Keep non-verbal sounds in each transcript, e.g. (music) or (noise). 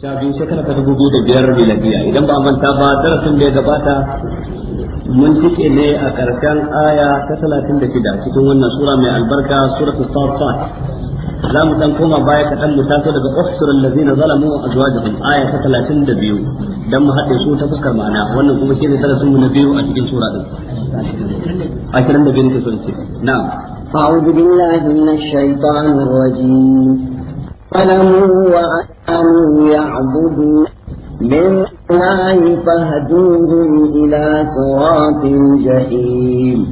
sha biyu shekara ta dubu biyu da biyar miladiya idan ba manta ba darasin da ya gabata mun cike ne a ƙarshen aya ta talatin da shida cikin wannan sura mai albarka suratu safat za mu dan koma baya kaɗan mu taso daga ofisar allazina zalamu wa azwajuhum aya ta talatin da biyu dan mu haɗe su ta fuskar ma'ana wannan kuma shine darasin mu na biyu a cikin sura din ashirin da biyu ne son ce na'am أعوذ بالله من shaitanir الرجيم فلم وأن يعبدوا من الله فاهدوهم إلى صراط الجحيم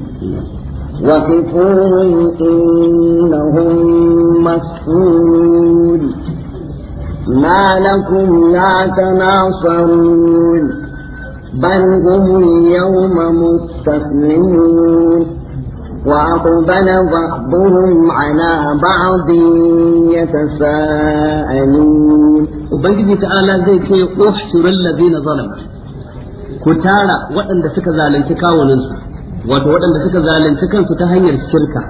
وقفوهم إنهم مسؤولون ما لكم لا تناصرون بل هم اليوم مستسلمون وأقبل بعضهم على بعض يتساءلون وبنجي تعالى زي كي احشر الذين ظلموا كتارا وأن دسك ذلك كاوننسا وأن دسك ذلك كان فتهير الشركة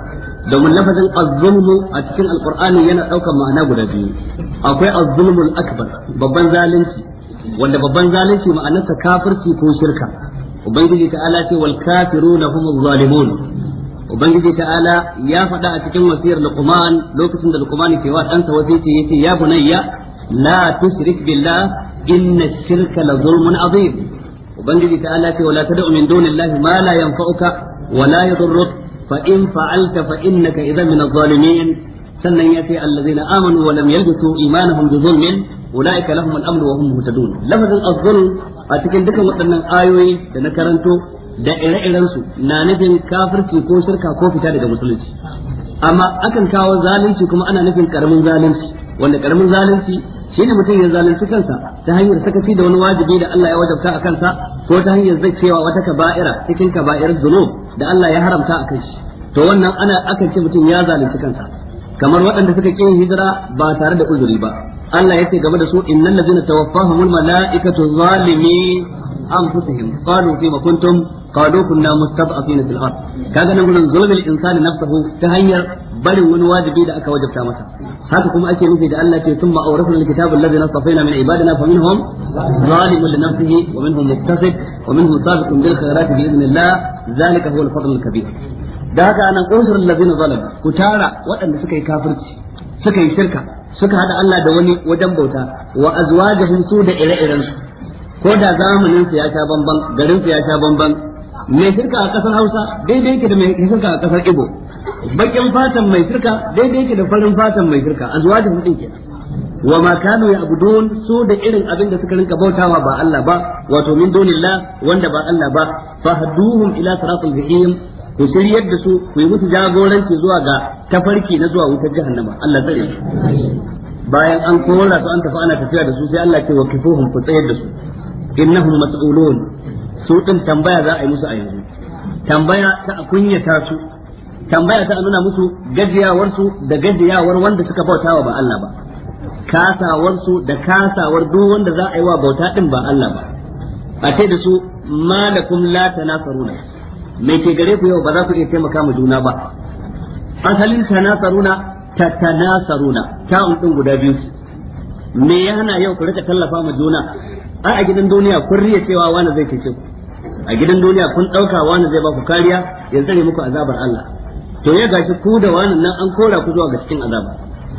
domin lafazin azzulmu a cikin Alƙur'ani yana ɗaukar ma'ana guda biyu akwai azzulmul akbar babban zalunci wanda babban zalunci ma'anarsa kafirci ko shirka ubangiji ta ala ce wal kafiruna hum zalimun ubangiji ta'ala ya faɗa a cikin wasiyar luqman lokacin da luqman ke wa ɗansa wasiyar yace ya bunayya la tushrik billah inna shirka la zulmun azim ubangiji ta'ala ce wala tad'u min dunillahi ma la yanfa'uka wa la yadurruk fa in fa'alta fa innaka idhan min adh-dhalimin sannan ya ce allazina amanu wa lam yalbisu imanahum bi zulmin ulaika lahum al-amru wa hum muhtadun lafazin az-zulm a cikin dukkan waɗannan ayoyi da na karanto da ire-irensu na nufin kafirci ko shirka ko fita daga musulunci amma akan kawo zalunci kuma ana nufin karamin zalunci wanda karamin zalunci shine mutum ya zalunci kansa ta hanyar sakaci da wani wajibi da Allah ya wajabta a kansa ko ta hanyar cewa wata kaba'ira cikin kaba'ir zunub da Allah ya haramta a kanshi to wannan ana akan ce mutum ya zalunci kansa kamar waɗanda suka ƙi hijira ba tare da uzuri ba Allah ya ce game da su innal ladzina tawaffahumul malaikatu zalimi أنفسهم قالوا فيما كنتم قالوا كنا مستضعفين في الأرض كذا نقول ظلم الإنسان نفسه تهير بل ونواجب إذا أكا وجب تامتا هذا كما أشياء نفسي قال لك ثم أورثنا الكتاب الذي نصفينا من عبادنا فمنهم ظالم لنفسه ومنهم مقتصد ومنهم سابق بالخيرات بإذن الله ذلك هو الفضل الكبير da haka anan ushur allazina zalam ku tara waɗanda suka yi kafirci suka yi shirka suka hada Allah da wani wajen bauta wa azwajahum su da ire-irensu ko da zamanin su ya sha bamban garin su ya sha bamban mai shirka a kasar Hausa daidai yake da mai shirka a kasar Igbo bakin fatan mai shirka daidai yake da farin fatan mai shirka a zuwa azwajin din kenan wa ma kanu ya'budun su da irin abin da suka rinka bautawa ba Allah ba wato min dunillah wanda ba Allah ba fahduhum ila siratil jahim ku shiryar da su ku yi musu jagoranci zuwa ga tafarki na zuwa wutar jahannama Allah tsare bayan an kora su an tafi ana tafiya da su sai Allah ce wa kifuhum ku tsayar da su innahum mas'ulun su din tambaya za a yi musu a yanzu tambaya ta kunyata su tambaya ta nuna musu gajiyawar su da gajiyawar wanda suka wa ba Allah ba kasawar su da kasawar duk wanda za a yi wa bauta din ba Allah ba a ce da su malakum la tanasaruna me ke gare ku yau ba za ku iya taimaka mu juna ba asalin tanasaruna ta tanasaruna ta din guda biyu me ya hana yau ku rika tallafa mu juna a a gidan duniya kun riya cewa wani zai cece ku a gidan duniya kun ɗauka wani zai ba ku kariya ya tsare muku azabar Allah to ya gashi ku da wani nan an kora ku zuwa ga cikin azaba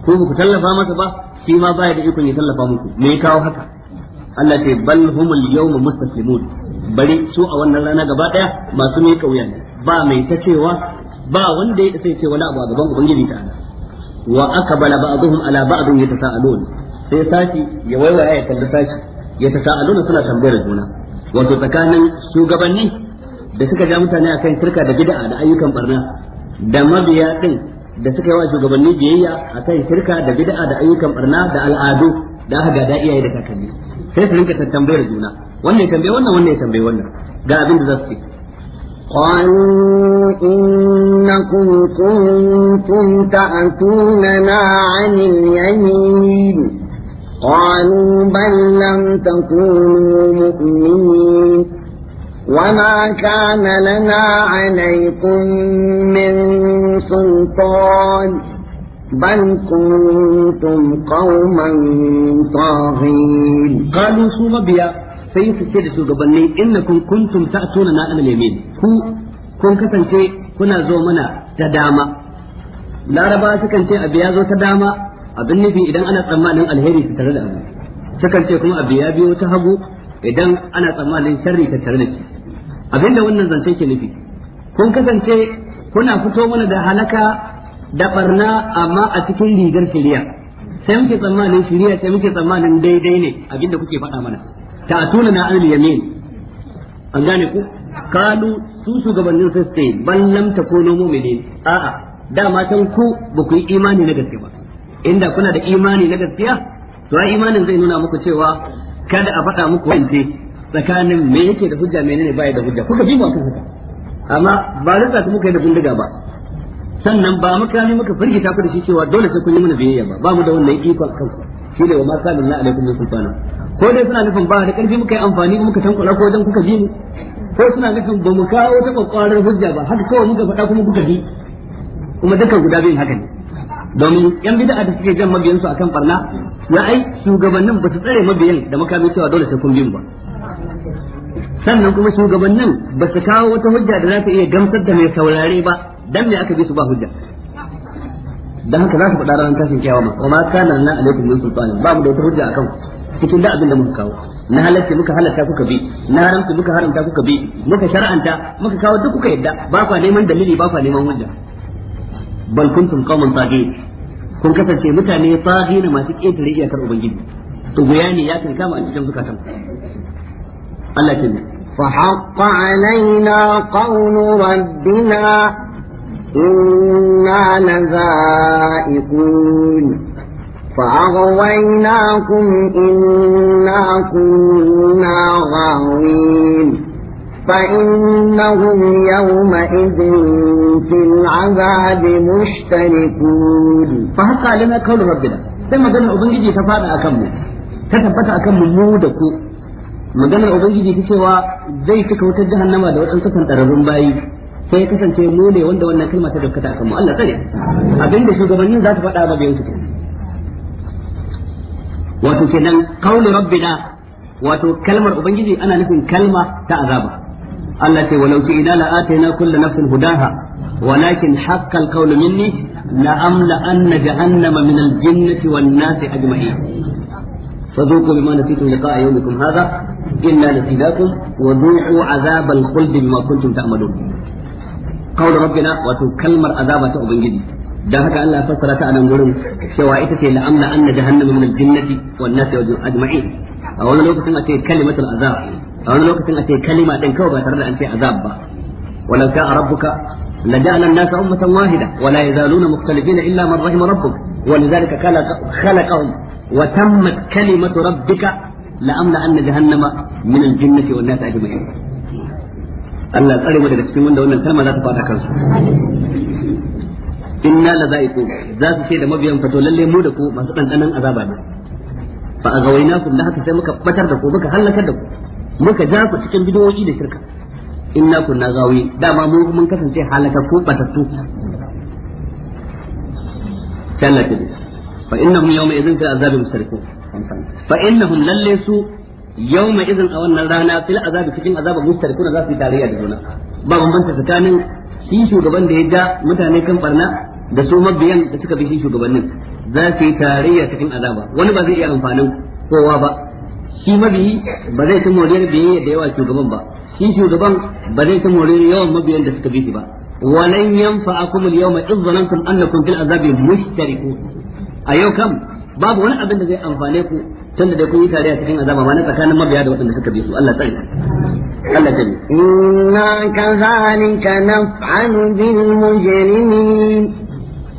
ko ku tallafa masa ba shi ma baya da ikon ya tallafa muku me ya kawo haka Allah ce bal humul yawma mustaslimun bari su a wannan rana gaba daya masu mai kauya ne ba mai ta cewa ba wanda ya sai ce wani abu a gaban ubangiji ta Allah wa akbala ba'dhum ala ba'd yatasaalun sai sashi ya waiwaya ya kalli sashi Ya yatasaaluna suna tambayar juna wato tsakanin shugabanni da suka ja mutane akan shirka da bid'a da ayyukan barna da mabiya din da suka yi wa shugabanni biyayya akan shirka da bid'a da ayyukan barna da al'adu da aka gada iyaye da kakanni sai su rinka tambayar juna wannan ya tambaye wannan wannan ya tambaye wannan ga abin da za su ce قالوا إنكم كنتم تأتوننا عن اليمين قالوا بل لم تكونوا مؤمنين وما كان لنا عليكم من سلطان بل كنتم قوما طاغين قالوا سوما بيا سيف كده سوغبني انكم كنتم تاتوننا على اليمين كو كون كسانتي كنا زومنا منا تداما لاربا سكنتي ابي يا زو تداما abin nufi idan ana tsammanin alheri ta tare da abu sukan ce kuma abu ya biyo ta hagu idan ana tsammanin sharri ta tare da shi da wannan zance ke nufi kun kasance kuna fito mana da halaka da barna amma a cikin rigar shirya sai muke tsammanin shirya sai muke tsammanin daidai ne abin da kuke faɗa mana Ta ta'atuna na al yamin an gane ku kalu su shugabannin sai bal lam takunu mu'minin a'a dama can ku ba ku yi imani na gaske ba inda kuna da imani na gaskiya to ai imanin zai nuna muku cewa kada a faɗa muku wance tsakanin me yake da hujja menene baya da hujja kuka bi mu ku hujja amma ba rinsa su muka yi da bindiga ba sannan ba makami muka firgita ku da shi cewa dole sai kun yi mana biyayya ba ba mu da wannan ikon kanku shine wa ma sallallahu alaikum wa sultana ko dai suna nufin ba da karfi muka yi amfani muka tankula ko wajen kuka bi mu ko suna nufin ba mu kawo ta kwakwarar hujja ba haka kawai muka faɗa kuma kuka bi kuma dukkan guda biyun haka ne domin yan bid'a da suke jan mabiyan su akan barna ya ai shugabannin ba su tsare mabiyan da makami cewa dole sai kun bin ba sannan kuma shugabannin ba su kawo wata hujja da za ta iya gamsar da mai saurare ba dan me aka bi su ba hujja dan haka za su faɗa ranar tashin kiyama wa ma kana na alaikum min sultanin ba mu da wata hujja akan cikin da abin da muka kawo na halarci muka halarta kuka bi na haramta muka haramta kuka bi muka shar'anta muka kawo duk kuka yadda ba kwa neman dalili ba kwa neman hujja bal kuntum qauman tagin kun kasance mutane tagin masu ketare iyakar ubangiji to bayani ya kan kama a cikin zukatan Allah ke fa haqqa alaina qawlu rabbina inna lazaiqun فأغويناكم إنا كنا غاوين فإنهم يومئذ في العذاب مشتركون فحق علينا قول ربنا كما قال أبنجي تفاعل أكمل تثبت أكمل مودك maganar ubangiji ta cewa zai cika wutar jahannama da waɗansu kantararrun bayi sai ya kasance mu ne wanda wannan kalma ta gaskata akan Allah tsare abinda shugabannin za su faɗa ba bayan su wato kenan qauli rabbina wato kalmar ubangiji ana nufin kalma ta azaba Allah ce walau shi ina la atayna kullu nafsin hudaha walakin haqqal qawlu minni la amla anna jahannama min al-jinnati wan nasi ajma'in فذوقوا بما نسيتم لقاء يومكم هذا إنا نسيناكم وذوقوا عذاب الخلد بما كنتم تعملون قول ربنا وتكلمر عذابة أبنجدي da haka Allah ya fassara ta a nan gurin cewa ita ce la'amla anna jahannama min al-jinnati wan a wani lokacin a ce kalimatul azab a wani lokacin a ce kalima din kawai ba tare da an ce azab ba walau ka rabbuka لجعل الناس أمة واحدة ولا يزالون مختلفين إلا من رحم ربك ولذلك خلقهم وتمت كلمة ربك لأملأن جهنم من الجنة والناس أجمعين Allah tsare mu daga cikin wanda wannan kalma za ta fada kansu inna la zaiqu za su ce da mabiyan fato lalle mu da ku masu dandanan azaba ne fa agawainakum da haka sai muka batar da ku muka halakar da ku muka ja ku cikin bidiyoyi da shirka inna kunna gawi dama mun mun kasance halaka ko batattu tallafi fa innahum yawma idhin fil azabi mustarikun fa innahum lalle su yawma idhin a wannan rana fil azabi cikin azaba mustarikun za su yi tarayya da juna ba bambanta tsakanin shi shugaban da ya ga mutane kan barna da su mabiyan da suka bi shi shugabannin za su yi tarayya cikin azaba wani ba zai iya amfanin kowa ba shi mabiyi ba zai ta moriyar biyayya da yawa shugaban ba shi shugaban ba zai ta moriyar yawan mabiyan da suka bi shi ba walan yanfa'akum al-yawma idh zalantum annakum fil azabi mushtarikun a yau kam babu wani abin da zai amfane ku tunda da kun yi tare a cikin azaba ma na tsakanin mabiya da waɗanda suka bi su Allah tsare Allah tsare inna kadhalika naf'alu bil mujrimin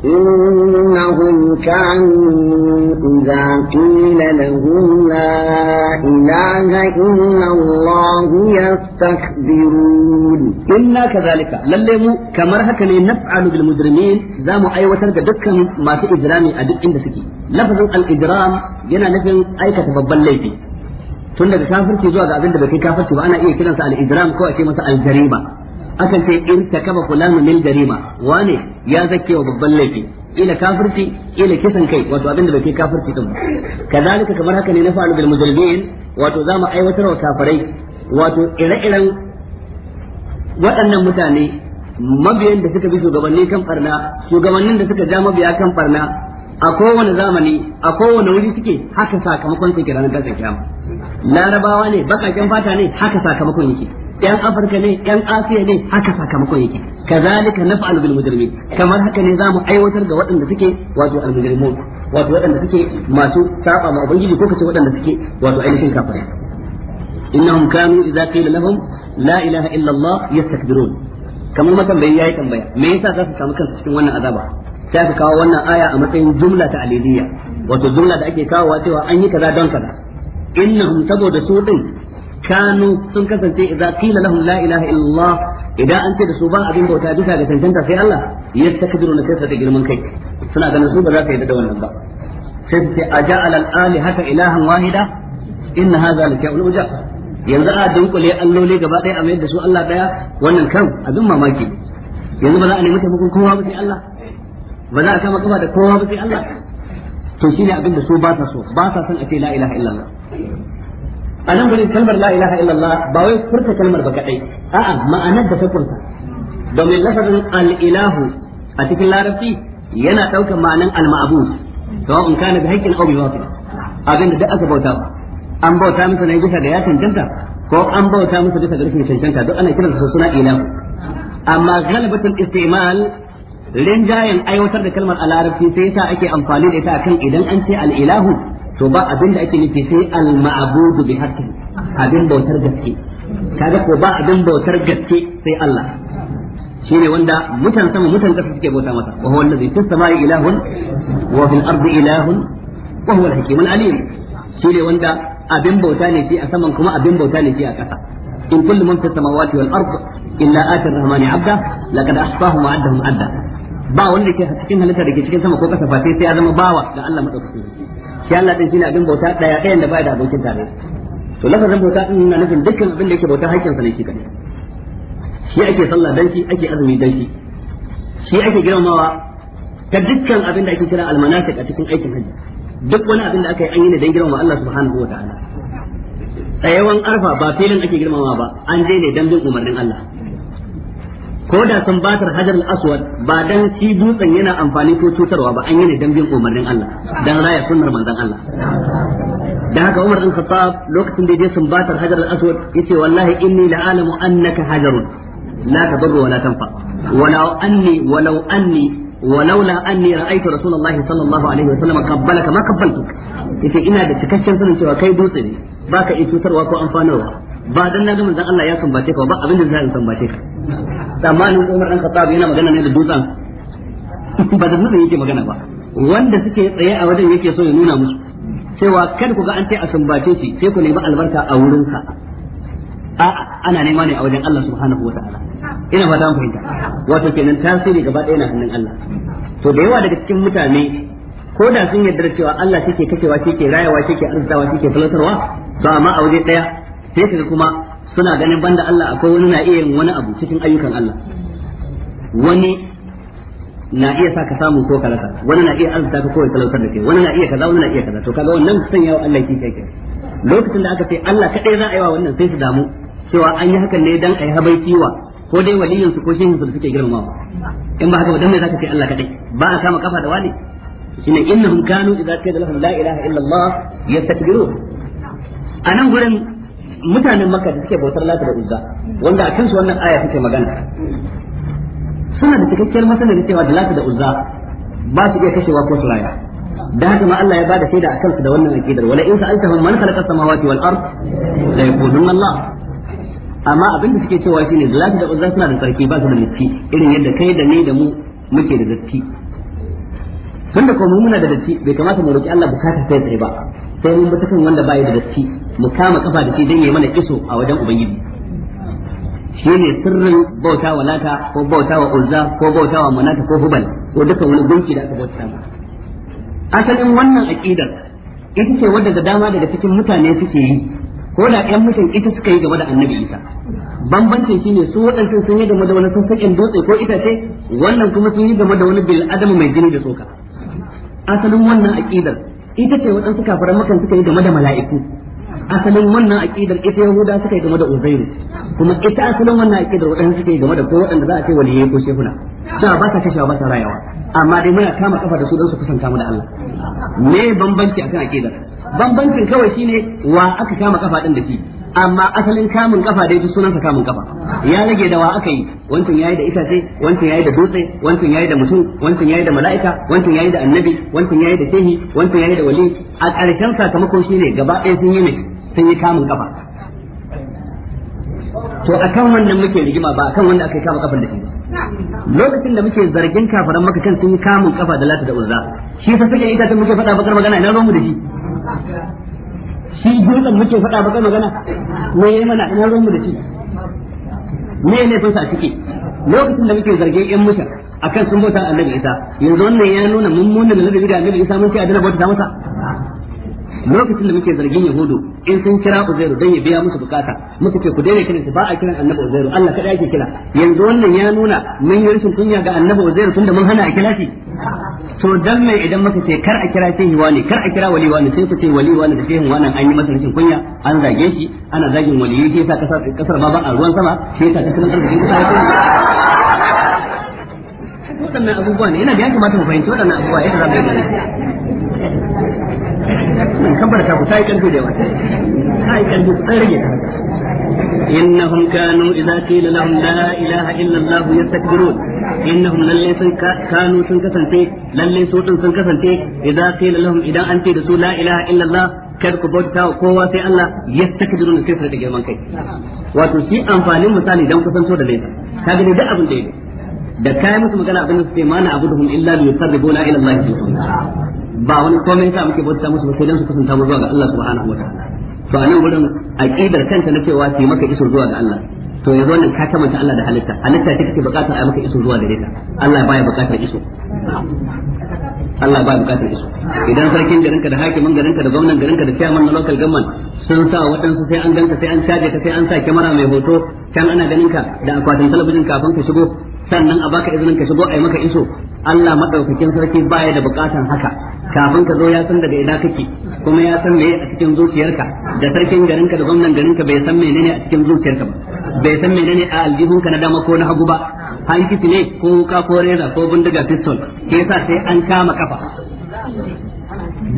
إنهم كانوا إذا قيل لهم لا إله إلا الله يستكبرون إنا كذلك للم كما هكذا نفعل بالمجرمين زام أي أيوة وتر دكا ما في إجرامي أدب عند سكي لفظ الإجرام ينا نفهم أي كتببل ليفي tun daga kafirci zuwa ga abin da bai kai kafirci ba ana iya kiransa al-ijram ko a ce masa al-jariba akan ce ta irtakaba fulanu mil jarima wane ya zake wa babban laifi ila kafirci ila kisan kai wato abinda bai kai kafirci din kazalika kamar haka ne na fa'alu bil mujrimin wato mu aiwatar wa kafirai wato ire-iren waɗannan mutane mabiyan da suka bi shugabanni kan farna shugabannin da suka ja mabiya kan farna a kowane zamani a kowane wuri suke haka sakamakon su ranar gasar kiyama larabawa ne bakakken fata ne haka sakamakon yake yan afirka ne yan asiya ne haka sakamakon yake kazalika naf'alu bil mujrimin kamar haka ne zamu aiwatar da waɗanda suke wato al mujrimun wato waɗanda suke masu saba ma ubangiji ko kace waɗanda suke wato ainihin kafirai innahum kanu idza qila lahum la ilaha illa allah yastakbirun kamar matambayi yayi tambaya me yasa za su samu kansu cikin wannan azaba sai aka kawo wannan aya a matsayin jumla ta aliliya wato jumla da ake kawo cewa an yi kaza don kaza innahum saboda su din kanu sun kasance idza qila lahum la ilaha idan an ce da su ba abin bauta bisa ga sai Allah yastakbiruna sai su da girman kai suna ganin su ba za su yi da wannan ba sai su ce aja'al al-alihata wahida in yanzu a dunkule alloli gaba ɗaya a mayar da su Allah ɗaya wannan kan abin mamaki yanzu ba za a nemi taimakon kowa ba sai Allah ba za a kama kafa da kowa ba sai Allah to shine abin da su ba sa so ba sa son a ce la ilaha illallah a nan gurin kalmar la ilaha illallah ba wai furta kalmar ba kadai a'a ma'anar da ta kunta domin lafazin al'ilahu a cikin larabci yana daukar ma'anan al-ma'bud sawa'un kana da haƙƙin aure wafi abinda duk aka bauta an bauta masa ne bisa ga ya cancanta ko an bauta masa bisa ga rashin cancanta duk ana kiransa suna ilahu amma galibatul istimal rinjayen aiwatar da kalmar a larabci sai yasa ake amfani da ita akan idan an ce al'ilahu. to ba abin da ake nufi sai al-ma'budu bi haqqin abin bautar gaske kaga ko ba abin bautar gaske sai Allah shine wanda mutan sama mutan kasa suke bauta masa wa huwa allazi fis samai ilahun wa fil ardi ilahun wa huwa al-hakim al-alim shine wanda abin bauta ne shi a saman kuma abin bauta ne shi a kasa in kullu man fis samawati wal ard illa atir rahmani abda laqad ahsahum wa addahum adda ba wanda ke cikin halitta da ke cikin sama ko kasa fa sai ya zama bawa ga Allah madaukakin shi Allah din shine abin bauta daya ɗayan da ba da abokin tare to lafazin bauta din na nufin dukkan abin da yake bauta hakkin sa ne shi kadai shi ake sallah dan shi ake azumi dan shi shi ake girmamawa ta dukkan abin da ake kira almanasik a cikin aikin hajji duk wani abin da aka yi an yi ne dan girmama Allah subhanahu wataala yawan arfa ba filin ake girmama ba an je ne dan bin umarnin Allah ko da sun batar hajar al-aswad ba dan shi dutsen yana amfani ko cutarwa ba an yi ne dan bin umarnin Allah dan raya sunnar manzon Allah da haka Umar bin Khattab lokacin da ya sun batar hajar al-aswad yace wallahi inni la'alamu annaka hajarun la tadurru wa la tanfa walau anni walau anni ولولا اني رايت رسول الله صلى الله عليه وسلم قبلك ما قبلتك yace ina da cikakken sanin cewa kai dutse ne baka iya cutarwa ko amfanarwa ba dan na ga manzon Allah ya sambace ka ba abin da zai sambace ka tsammanin Umar dan Khattab yana magana ne da dutsen (laughs) ba da dutsen yake magana ba wanda suke tsaye a wajen yake so ya nuna musu cewa kada ku ga an sai a sambace shi sai ku nemi albarka a wurin sa a'a ana nema ne a wajen Allah subhanahu wataala ina ba mun fahimta wato kenan tasiri gaba ɗaya na hannun Allah to da yawa daga cikin mutane ko da sun yarda cewa Allah shi ke kashewa shi ke rayawa shi ke arzawa shi ke falatarwa to amma a waje ɗaya sai kaga kuma suna ganin banda Allah akwai wani na iya yin wani abu cikin ayyukan Allah wani na iya sa ka samu ko ka wani na iya arzuta ka kawai talautar da kai wani na iya kaza wani na iya kaza to kaga wannan sanya wa Allah kishi yake lokacin da aka ce Allah kadai za a yi wa wannan sai su damu cewa an yi hakan ne dan a yi habaiti wa ko dai waliyin su ko shi su da suke wa in ba haka ba dan me zaka ce Allah kadai ba a kama kafa da wani shine innahum kanu idza qila lahum la ilaha illa Allah yastakbirun anan gurin mutanen makka da suke bautar lata da uzza wanda a kansu wannan aya take magana suna da cikakkiyar masanar cewa da lata da uzza ba su iya kashewa ko su raya da haka ma Allah ya ba da shaida a kansu da wannan aqidar wala in sa'altahum man khalaqa samawati wal ard la yaquluna Allah amma abin da suke cewa shine da lati da uzza suna da sarki ba su da mitti irin yadda kai da ni da mu muke da datti tunda mu muna da datti bai kamata mu roki Allah bukata sai tsaye ba sai mun bata kan wanda bai da datti mu kama kafa da shi dan yayi mana kiso a wajen ubangiji shi ne sirrin bauta wa lata ko bauta wa uzza ko bauta wa manata ko hubal ko duka wani gunki da aka bauta ma asalin wannan aqidar ita ce wadda da dama daga cikin mutane suke yi ko da ƴan mutum ita suka yi game da annabi isa bambancin shine su waɗansu sun yi game da wani sassaƙin dutse ko ita ce wannan kuma sun yi game da wani bil adama mai jini da soka asalin wannan aqidar ita ce waɗansu kafiran makan suka yi game da mala'iku asalin wannan aqidar ita yahuda suka yi game da uzairu kuma ita asalin wannan aqidar waɗansu suka yi game da ko waɗanda za a ce yi ko shehuna da ba sa kashewa ba sa rayawa amma dai muna kama kafa da su don su kusanta mu da Allah me bambanci akan aqidar bambancin kawai shine wa aka kama kafa din da shi amma asalin kamun kafa dai ta sunansa kamun kafa ya rage da wa aka yi wancan yayi da itace wancan yayi da dutse wancan yayi da mutum wancan yayi da mala'ika wancan yayi da annabi wancan yayi da sahi wancan yayi da wali a ƙarshen sakamakon shine gaba ɗaya sun yi ne sun yi kamun kafa to akan wannan muke rigima ba akan wanda aka yi kama kafan da shi lokacin da muke zargin kafaran maka kan sun yi kamun kafa da lati da uzza shi fa suke ita muke faɗa bakar magana ina ruwan mu da shi shi gurɗan muke faɗa baka magana me yayi mana ina ruwan mu da shi me ne fa a ciki lokacin da muke zargin yan musha akan sun bauta annabi Isa yanzu wannan ya nuna mun mun da annabi Isa mun ce a dana bauta masa lokacin da muke zargin yahudu in sun kira uzairu dan ya biya musu bukata muka ce ku daina kiran shi ba a kiran annabi uzairu Allah kada ake kira yanzu wannan ya nuna mun yi rashin kunya ga annabi uzairu tunda mun hana a kira shi to dan mai idan muka ce kar a kira shi wani kar a kira wali wani sai ku ce wali wani da shehin wannan an yi masa rashin kunya an zage shi ana zagin wali yake sa kasar kasar ba ba a ruwan sama shi yasa kasar arzikin kasar wannan abubuwa ne yana da ya kamata mu fahimci waɗannan abubuwa yadda za mu yi kabbara ta ku ta yi kanto da yawa ta rage ta إنهم كانوا إذا قيل لهم لا إله إلا الله يستكبرون إنهم للي كانوا سنكسنتي سنكسنتي إذا قيل لهم إذا أنت رسول لا إله إلا الله kada ku bauta kowa sai Allah ya saki jirin kafir da girman kai wato shi amfanin misali dan kusanto da nesa ka gani duk abin da yake da kai musu magana abin da suke mana abuduhum illa li yusarribuna ila Allah ba wani komai sa muke bauta musu ba sai dan su kusanta mu zuwa ga Allah subhanahu wataala to anan gurin aqidar kanta na cewa sai maka iso zuwa ga Allah to yanzu wannan ka kamanta Allah da halitta halitta take take bukatar a maka iso zuwa gare ta Allah baya bukatar iso Allah ba bukatar isu idan sarkin garinka da hakimin garinka da gwamnan garinka da chairman na local government sun sa waɗansu sai an ganka sai an caje ka sai an sa kyamara mai hoto Kan ana ganin ka da akwatin talabijin kafin ka shigo sannan a baka izinin ka shigo a yi maka iso Allah madaukakin sarki baya da bukatan haka kafin ka zo ya san daga ina kake kuma ya san meye a cikin zuciyarka da sarkin garinka da gwamnan garinka bai san menene a cikin zuciyarka ba bai san menene a aljihunka na dama ko na hagu ba kisi ne ko wuka ko reza ko bindiga pistol ke yasa sai an kama kafa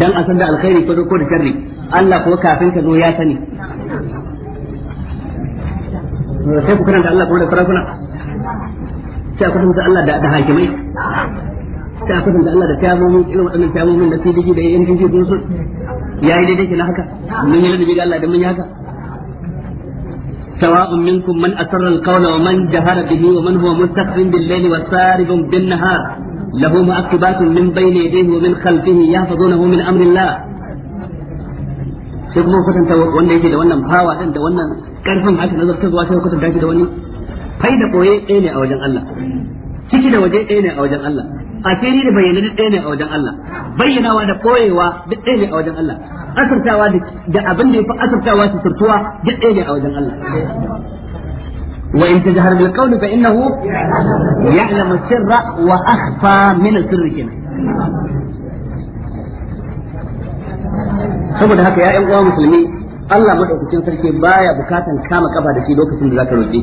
dan a san da alkhairi ko ko da sharri Allah ko kafin ka zo ya sani sai ku karanta Allah ko da sarakuna sai ku karanta Allah da hakimai sai ku karanta Allah da tayamumin irin waɗannan tayamumin da sai digi da yan jinji sun yayi daidai kenan haka mun yi da ga Allah da mun yi haka سواء منكم من أسر القول ومن جهر به ومن هو مستخف بالليل وسارب بالنهار له مؤكبات من بين يديه ومن خلفه يحفظونه من أمر الله sai kuma kwatanta wanda yake da wannan hawa din da wannan karfin haka ta zartarwa sai kwatanta da wani fai da koye ne a wajen Allah ciki da waje ɗaya ne a wajen Allah asiri da bayyana duk ɗaya ne a wajen Allah bayyanawa da koyewa duk ɗaya ne a wajen Allah asirtawa da abin da fi asirtawa su surtuwa duk ɗaya ne a wajen Allah wa in tajhar bil qawli fa innahu ya'lamu sirra wa akhfa min sirri kenan saboda haka ya'yan uwa musulmi Allah madaukakin sarki baya bukatan kama kafa da shi lokacin da zaka roƙe shi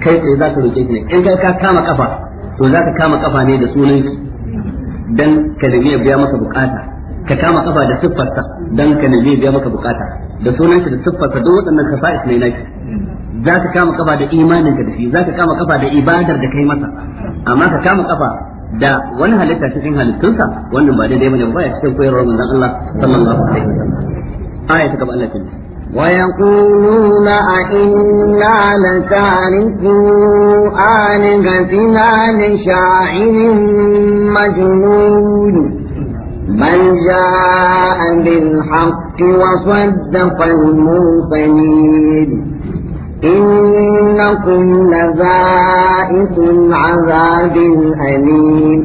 kai tsaye zaka roƙe shi ne in kai ka kama kafa to za ka kama kafa ne da sunan dan ka nemi biya maka bukata ka kama kafa da siffarsa dan ka nemi biya maka bukata da sunan shi da siffarsa duk waɗannan kafa'is ne naki za ka kama kafa da imanin ka da shi za ka kama kafa da ibadar da kai masa amma ka kama kafa da wani halitta cikin halittunsa wannan ba daidai bane ba ya cikin koyarwar manzon Allah sallallahu alaihi wasallam aya ta gaba Allah ta ويقولون أئنا لتاركو آلهتنا لشاعر مجنون بل جاء بالحق وصدق المرسلين إنكم لذائق العذاب الأليم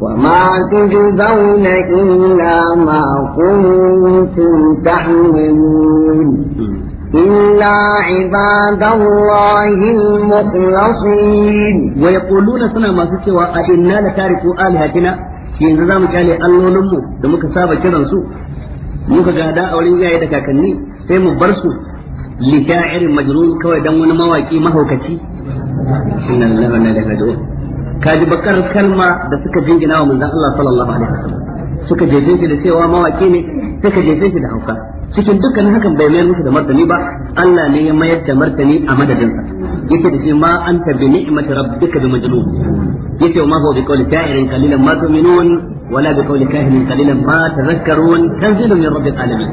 وما تجزون إلا ما كنتم تحملون إلا عباد الله المخلصين ويقولون سنة ما سوى أئنا لتاركوا آلهتنا yanzu za mu kyale allolinmu da muka saba kiransu muka gada a wurin iyaye da kakanni sai mu bar su li sha'irin majrur kawai dan wani mawaki mahaukaci inna kaji bakar kalma da suka jingina wa manzon Allah sallallahu alaihi wasallam suka jefe shi da cewa mawaki ne suka jefe shi da hauka cikin dukkanin hakan bai mayar musu da martani ba Allah ne ya mayar da martani a madadinsa yake da shi ma anta bi ni'mati rabbika bi majnun yake ma huwa bi qawli sha'irin qalilan ma tu'minun wala bi qawli kahinin qalilan ma tadhakkarun tanzilu min rabbil alamin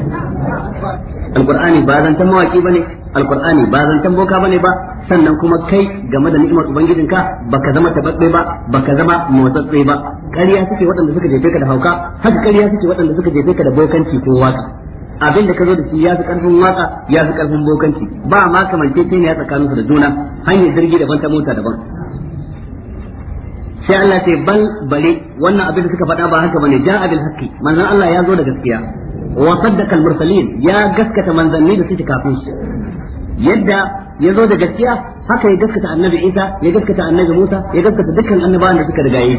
alqur'ani ba zan ta mawaki bane alkur'ani ba zantan boka bane ba sannan kuma kai game da ni'imar ubangijinka baka zama tabbatse ba baka zama motsatsai ba ƙarya suke waɗanda suka jefe ka da hauka haka ƙarya suke waɗanda suka jefe ka da bokanci ko waka abin da ka zo da shi ya fi ƙarfin waka ya fi ƙarfin bokanci ba ma kamar ce ne ya tsakanin su da juna hanyar jirgi daban ta mota daban sai Allah ce bal bale wannan abin da suka faɗa ba haka bane ja'a bil haqqi manzon Allah ya zo da gaskiya wa saddaqa al mursalin ya gaskata manzanni da suke kafin shi yadda ya zo da gaskiya haka ya gaskata annabi isa ya gaskata annabi musa ya gaskata dukkan annabawan da suka riga yi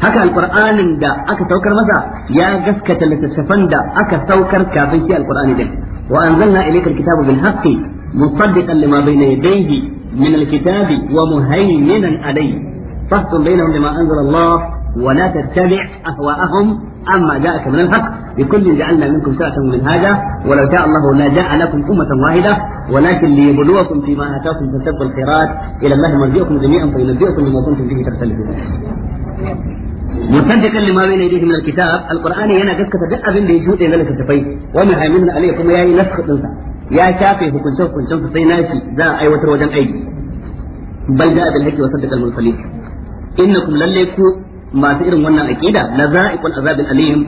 haka alqur'anin da aka saukar masa ya gaskata littattafan da aka saukar kafin shi alqur'ani din wa anzalna ilayka alkitaba bil haqqi musaddiqan lima bayna yadayhi min alkitabi wa muhaiminan alayhi fahkum bainahum bima anzala allah ولا تتبع أهواءهم أما جاءك من الحق لكل جعلنا منكم شرعة هذا ولو شاء الله لا جاء لكم أمة واحدة ولكن ليبلوكم فيما آتاكم فاستبقوا الخيرات إلى الله مرجئكم جميعا فينبئكم بما كنتم به تختلفون مصدقا لما بين يديه من الكتاب القران هنا قد كتب ابن دي جودي من الكتابين وما هي من عليه كما يعني نسخ تنسى يا شافي حكم شوف كن شوف في ناشي ذا اي وتر وجن اي بل جاء بالحكي وصدق المرسلين انكم لن masu irin wannan aqida la za'iqul azabil alim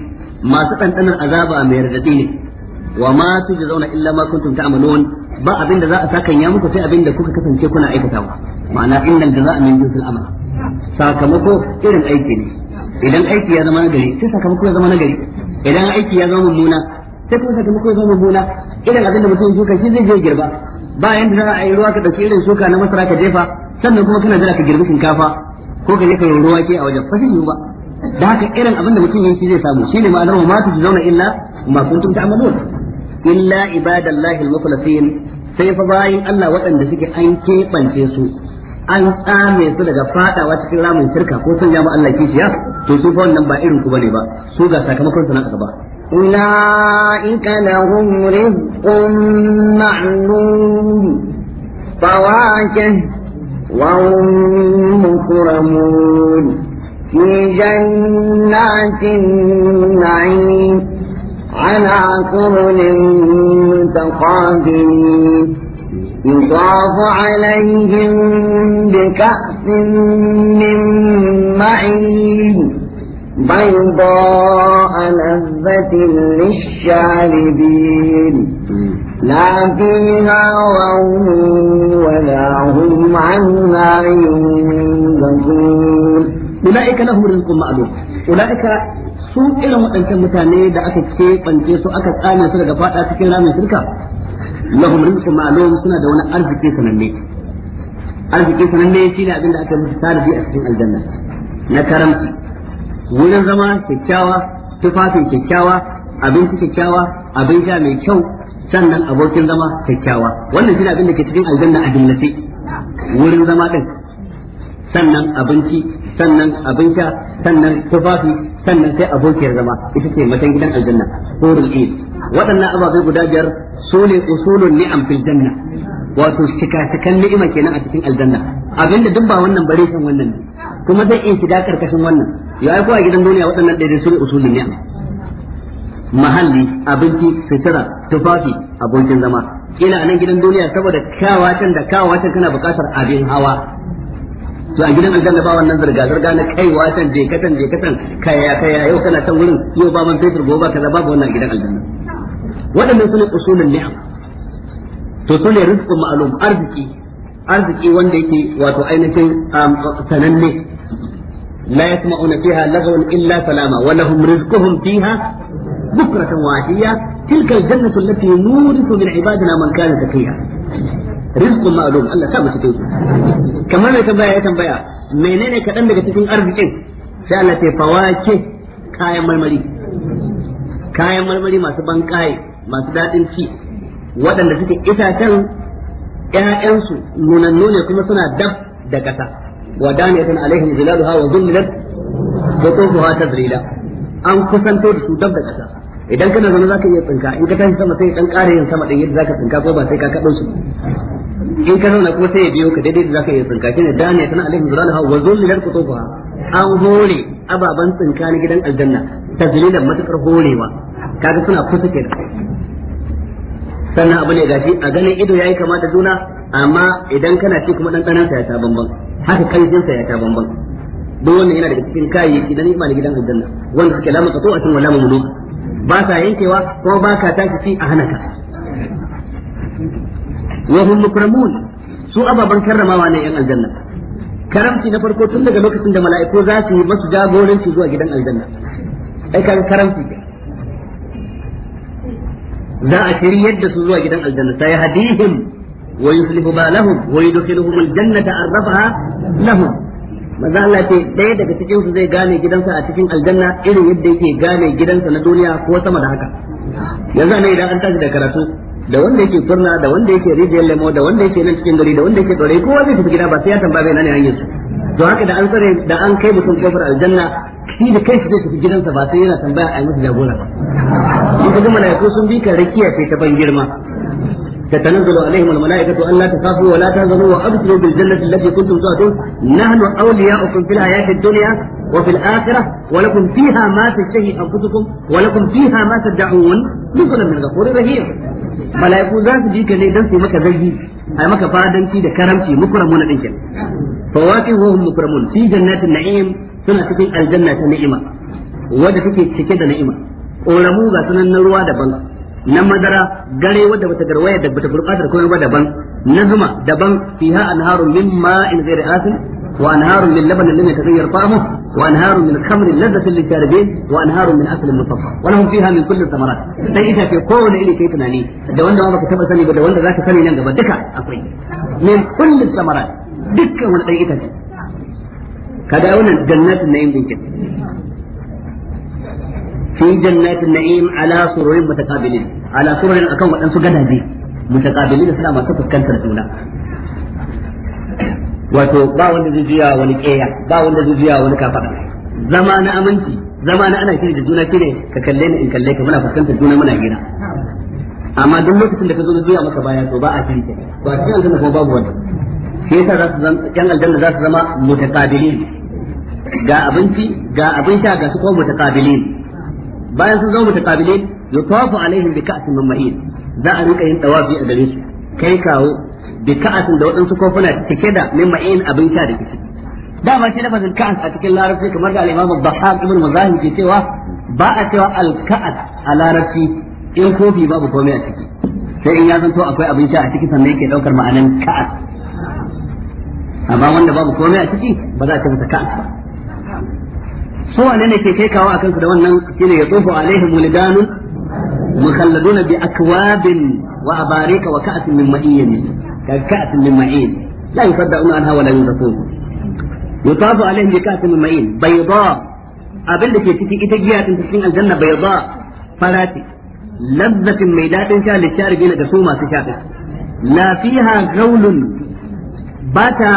masu dandanar azaba mai radadi ne wa ma tujzauna illa ma kuntum ta'malun ba abin da za a saka ya muku sai abin da kuka kasance kuna aikatawa ma'ana innal jaza'a min jinsil amal sakamako irin aiki ne idan aiki ya zama nagari sai sakamako ya zama nagari idan aiki ya zama mummuna sai kuma sakamako ya zama mummuna idan abin da mutum ya shuka shi zai je girba bayan da za a yi ruwa ka dauki irin shuka na masara ka jefa sannan kuma kana jira ka girbi shinkafa ko ka je ka ruwa ke a wajen fashin ba da haka irin abin da mutum yanki zai samu shine ma'anar wa ma zauna illa ma kuntum ta'malun illa ibadallahi al-mukhlasin sai fa bayin Allah waɗanda suke an keɓance su an tsame su daga fadawa cikin ramin shirka ko sanya ma Allah kishiya to su fa wannan ba irin ku bane ba su ga sakamakon su nan gaba أولئك لهم رزق معلوم فواكه وهم مكرمون في جنات النعيم على قرن متقابلين يطاف عليهم بكأس من معين بيضاء لذة للشاربين لا فيها غول ولا هم عنها ينزفون أولئك لهم رزق مألوف أولئك su irin waɗancan mutane da aka keɓance su aka tsame su daga faɗa cikin ramin shirka lahum rizqun ma'lum suna da wani arziki sananne arziki sananne shine abin da aka musu tarihi a cikin aljanna na karamci wurin zama kyakkyawa tufafin kyakkyawa abinci kyakkyawa abin sha mai kyau sannan abokin zama kyakkyawa wannan shi abin da ke cikin aljanna a dillace wurin zama din sannan abinci sannan abin sha sannan tufafi sannan sai abokiyar zama ita ce matan gidan aljanna hurul ain waɗannan ababe guda biyar su ne usulun ni'am fil janna wato shika-shikan ni'ima kenan a cikin aljanna abinda duk ba wannan bare san wannan ne kuma zai iya shiga karkashin wannan ya aiko a gidan duniya waɗannan ɗaya su ne usulun ni'am mahalli abinci sutura tufafi abokin zama kila a nan gidan duniya saboda kawatan da kawatan kana buƙatar abin hawa to a gidan aljanna ba wannan zirga zarga na kai can je katan je katan kaya kaya yau kana can wurin yau ba man fetur gobe kaza babu wannan gidan aljanna waɗannan sune usulun ni'am to ne rizqun ma'lum arziki arziki wanda yake wato ainihin um, sananne la yasma'una fiha lagwan illa salama wa lahum rizquhum fiha bukratan wa ashiya tilka aljannatu allati nurithu min ibadina man kana taqiya rizqun ma'lum Allah ta mace kai kamar mai tambaya ya tambaya menene kadan daga cikin arzikin sai Allah ta fawake kayan marmari kayan marmari masu ban kai masu daɗin ci waɗanda suke itacen ƴaƴansu nunannu ne kuma suna dab da ƙasa wa daniyatan alaihim zilaluha wa zulmilat qutufuha tadrila an kusanto da su dab da ƙasa idan kana zama zaka iya tsinka in ka tashi sama sai dan ƙara yin sama da yadda zaka tsinka ko ba sai ka kaɗo su in ka zauna kuma sai ya biyo ka daidai da zaka iya tsinka shine daniyatan alaihim zilaluha wa zulmilat qutufuha an hore ababen tsinka na gidan aljanna tazlilan matakar horewa kaga suna kusa kenan sannan abu ne gashi a ganin ido yayi kama da juna amma idan kana ci kuma dan kanansa ya ta bamban haka kanjinsa ya ta bamban duk wannan yana daga cikin kayayyaki da ni'ima da gidan aljanna wanda suke lamun kaso a cikin wala mamulu ba sa yankewa kuma ba ka tashi ci a hana ka wa hum mukramun su ababan karramawa ne yan aljanna karamci na farko tun daga lokacin da mala'iku za su yi masu jagoranci zuwa gidan aljanna ai kan karamci za a shiryar da su zuwa gidan aljanna sai hadihim wa yuslihu balahum wa yudkhiluhum aljannata arrafaha lahum maza Allah ce ɗaya daga cikin su zai gane gidansa a cikin aljanna irin yadda yake gane gidansa na duniya ko sama da haka yanzu ne idan an tashi da karatu da wanda yake turna da wanda yake rijiyar lemo da wanda yake nan cikin gari da wanda yake dore kowa zai tafi gida ba sai ya tambaya bai ne hanyar su don haka da an tsare da an kai mutum kofar aljanna shi da kai zai tafi gidansa ba sai yana tambaya a yi masa jagora ba in ka gama sun bi ka rakiya sai ta ban girma da tanazzalu alaihim almalaikatu an la tafahu wa la tanzuru wa abshiru bil jannati allati kuntum tu'adun nahnu awliya'ukum fil hayatid dunya wa fil akhirah wa lakum fiha ma tashtahi anfusukum wa lakum fiha ma tad'un nuzulan min ghafurir rahim malaiku za su ji ka ne dan su maka zagi a maka fadanci da karamci mukuran mun fawaqih wa hum mukramun fi jannatin na'im suna cikin aljanna ta ni'ima wadda take cike da ni'ima ƙoramu ga sunan na ruwa daban na madara gare wadda bata garwaya da bata gurbatar komai ba daban na zuma daban fiha anharun min ma'in ghairi asin wa anharun min labanin lam yataghayyar ta'amu wa anharun min khamrin ladhatin lisharibin wa anharun min aslin musaffa wa lahum fiha min sai ita ce kowane iri kai tunani da wanda ma baka taba sani wanda zaka sani nan gaba duka akwai min dukkan wani ɗan itace da wannan jannatin na'im din ke fi jannatin na'im ala surorin mutakabilin ala surorin akan waɗansu gadaje mutakabilin suna masu fuskantar juna wato ba wanda zai juya wani ƙeya ba wanda zai juya wani kafa zama na aminci zama na ana kiri da juna kire ka kalle ni in kalle ka muna fuskantar juna muna hira amma duk lokacin da ka zo zuwa maka baya to ba a kiri ba a kiri aljanna kuma babu wani sai yasa za su zama yan aljanna za su zama mutaqabilin ga abinci ga abin sha ga su kuma mutaqabilin bayan sun zama mutaqabilin yutafu alaihim bi ka'sin min ma'in za a rika yin tawafi a gare su kai kawo bi ka'sin da waɗansu kofuna cike da min ma'in abin sha da kici ba shi lafazin ka'as a cikin larabci kamar da al-Imam Bahaq ibn Muzahim ke cewa ba a cewa al-ka'as a larabci in kofi babu komai a ciki sai in ya zanto akwai abin sha a ciki sannan yake daukar ma'anan ka'as amma wanda babu komai a ciki ba za ta ce ka ba so wane ne ke kai kawo a kansu da wannan shine ya tsofa alaihi mulidan mukhalladun bi akwabin wa abarika wa ka'atin min ma'in ka ka'atin min ma'in la yusaddauna anha wa la Ya yutafu alaihi bi ka'atin min ma'in bayda abin da ke ciki ita giya din cikin aljanna bayda farati lazzatin mai dadin sha lishari ga su masu sha la fiha gaulun ba ta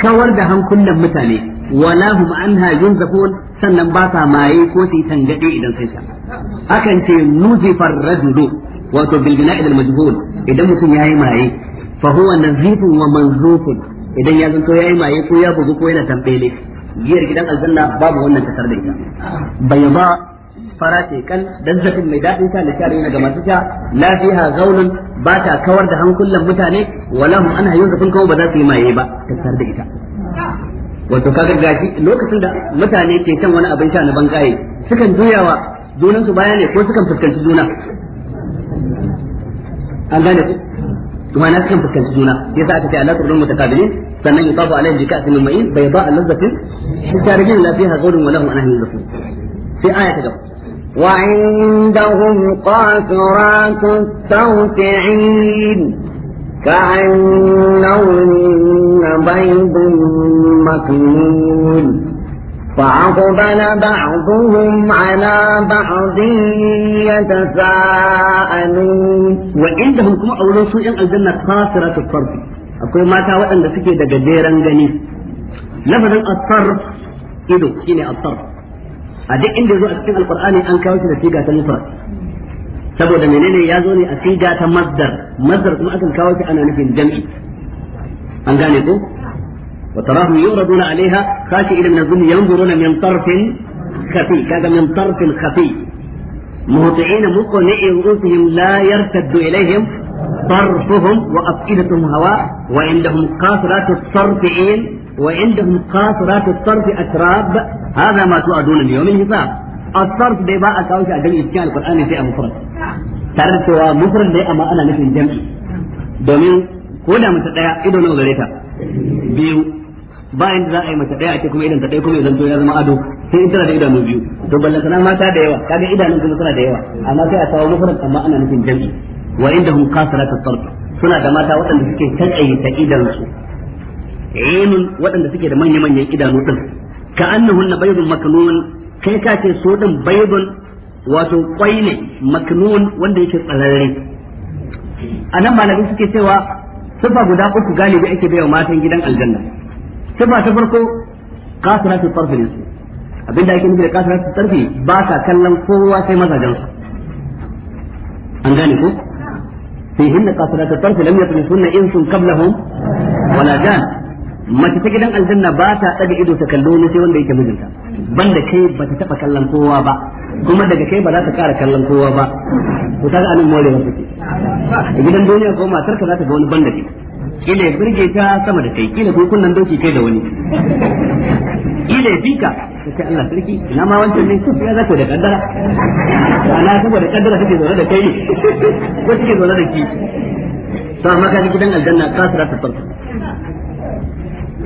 kawar da hankulan mutane wala hum anha yunzafun sannan ba sa maye ko su tangade idan sai ta akan ce nuzifar rajulu wato bil bina'i al majhul idan mutum yayi maye fa huwa nazifun wa manzufun idan ya zanto yayi maye ko ya bugu ko yana tambele giyar gidan aljanna babu wannan kasar da ita bayda fara ce kan lazzatin mai daɗin sha ne ga masu sha la fiha zaulun ba ta kawar da hankulan mutane wala ana anha yuzafun kuma ba za su yi maye ba ta tattar da ita wato kaga gashi lokacin da mutane ke kan wani abin sha na bankaye sukan juyawa junan su baya ne ko sukan fuskanci juna an gane ku to na sukan fuskanci juna yasa aka ce ala turdun mutakabilin sannan yutafu alaihi bi ka'sin min ma'in bayda al-lazzatin shi tarjin la fiha ghadun wa lahum anahum sai aya ta gaba وعندهم قاسرات التوتعين عين كأنهن بيض مكنون فأقبل بعضهم على بعض يتساءلون وعندهم كما أولو سوء الجنة قاسرة الطرف أقول ما تاوأن سكي دقديرا جنيه لفظ الطرف إذو كيني الطرف a duk inda zo a cikin alqur'ani an kawo shi da siga ta mufrad saboda menene ya zo ne a siga ta masdar masdar kuma akan kawo shi ana nufin jam'i an gane ko وتراهم يعرضون عليها خاشئين min الظل ينظرون من طرف خفي كذا من طرف خفي مهطعين مقنعي رؤوسهم لا يرتد اليهم طرفهم وافئدتهم هواء وعندهم قاصرات الطرف وعندهم قاصرات الطرف أتراب هذا ما توعدون اليوم الحساب الصرف دي باء كاوش أجل إسكان القرآن في مفرد tare da cewa mufrad dai amma ana nufin jam'i domin ko da mace daya ido nawa gare biyu bayan da za a yi mace daya ake kuma idan ta daya kuma idan to ya zama ado sai in da idanu biyu to ballan sana mata da yawa kaga idanun kuma suna da yawa amma sai a kawo mufrad amma ana nufin jam'i wa indahum qasiratu suna da mata waɗanda suke takaita idansu. ainun waɗanda suke da manya-manyan idanu din ka na baydun maknun kai ka ce so din baydun wato kwai ne maknun wanda yake tsararre anan malamai suke cewa sifa guda uku galibi ake bai wa matan gidan aljanna sifa ta farko kasratu tarfin su abinda ake nufi da kasratu tarfi ba sa kallon kowa sai mazajen su an gane ko fihinna kasratu tarfi lam yatmisunna insun qablahum wala jan mace ta gidan aljanna ba ta daga ido ta kallo ne sai wanda yake mijinta banda kai ba ta taba kallon kowa ba kuma daga kai ba za ta kara kallon kowa ba ta ga anan more ba take gidan duniya ko matar ka za ta ga wani banda ke kila ya burge ta sama da kai kila ko kunnan doki kai da wani kila ya fika sai Allah sarki ina ma wancan ne ko ya zaka da kaddara ana saboda kaddara take zaune da kai ko take zaune da ki to amma ka gidan aljanna kasra ta farko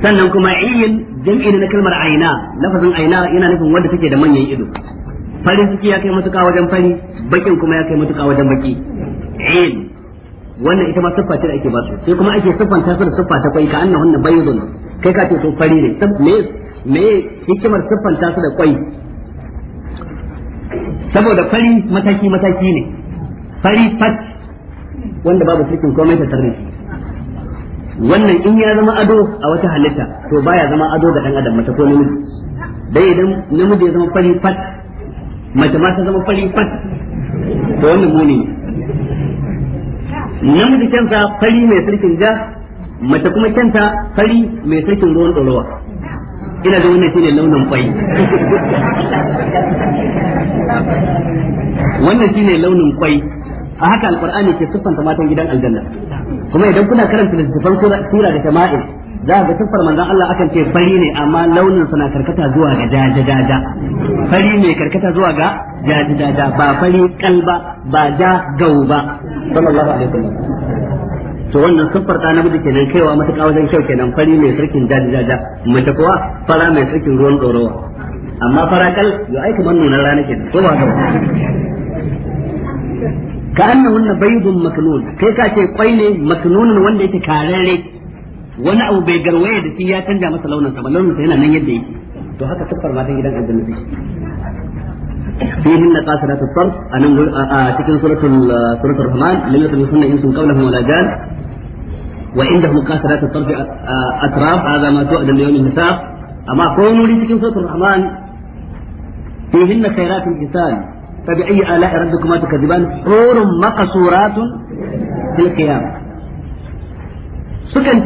sannan kuma ayin jam'i na kalmar aina lafazin aina yana nufin wanda take da manyan ido farin ciki ya kai matuƙa wajen fari bakin kuma ya kai matuƙa wajen baki ayin wannan ita ma siffa ce da ake su sai kuma ake ta su da siffa ta kwai ka annan wannan bayyudun kai ka ce to fari ne me me hikimar ta su da kwai saboda fari mataki mataki ne fari fat wanda babu cikin komai ta tarihi wannan in ya zama ado a wata halitta to baya zama ado ga dan adam mace ko namiji dai idan namiji ya zama fari fat mace ma ta zama fari fat to wannan muni namiji kanta fari mai sarkin ja mace kuma kanta fari mai sarkin ruwan ɗorowa ina da wannan shine launin fari wannan shine launin kwai a haka alqur'ani ke siffanta matan gidan aljanna kuma idan kuna karanta littafan sura da shama'il za ga siffar manzon Allah akan ce fari ne amma launin suna karkata zuwa ga jajajaja fari ne karkata zuwa ga jajajaja ba fari kalba ba da gau ba sallallahu alaihi wasallam to wannan siffar ta namiji kenan kaiwa matuƙa wajen kyau kenan fari mai sarkin jajajaja mace kuwa fara mai sarkin ruwan dorowa amma fara kal yo aika man nunar rana kenan ko ba ga ka anna wannan baydun maknun kai ka ce kwai ne maknunun wanda yake kararre wani abu bai garwaye da shi ya canja masa launinsa ba launin launinsa yana nan yadda yake to haka tuffar matan gidan aljanna take fihin na kasa da tuffar a nan a cikin suratul suratul rahman lillatul sunna in sun qawla huma lajan wa indahu kasa da tuffar bi atraf hada ma tu'ad al yawm hisab amma ko muri cikin suratul rahman fihin na khairatul hisab فبأي آلاء ربكما تكذبان حور مقصورات في القيامة سكن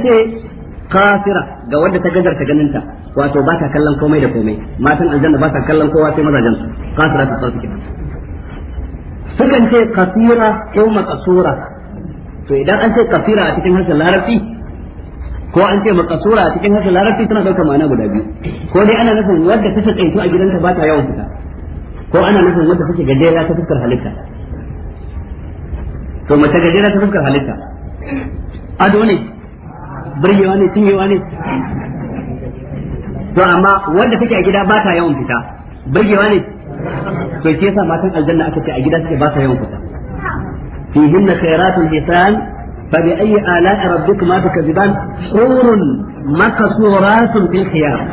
kafira ga wanda ta تقننتا واتو wato كلم كومي kallon komai da komai باتا aljanna ba kallon kowa sai في su kafira ta sauki kenan sukan ce kafira ko makasura to idan an ce kafira a cikin harshen ko an ce makasura a cikin harshen larabci tana daukar ma'ana guda biyu ko dai ana nufin wadda ta tsaitu a gidanta ba ta yawan fita ko ana nufin wanda take gajera ta fuskar halitta to mace gajera ta fuskar halitta ado ne burgewa ne cinyewa ne to amma wanda take a gida ba ta yawan fita burgewa ne to ke yasa matan aljanna aka ce a gida take ba ta yawan fita hinna khairatul hisan فبأي آلاء ربكما تكذبان حور مكسورات في الخيام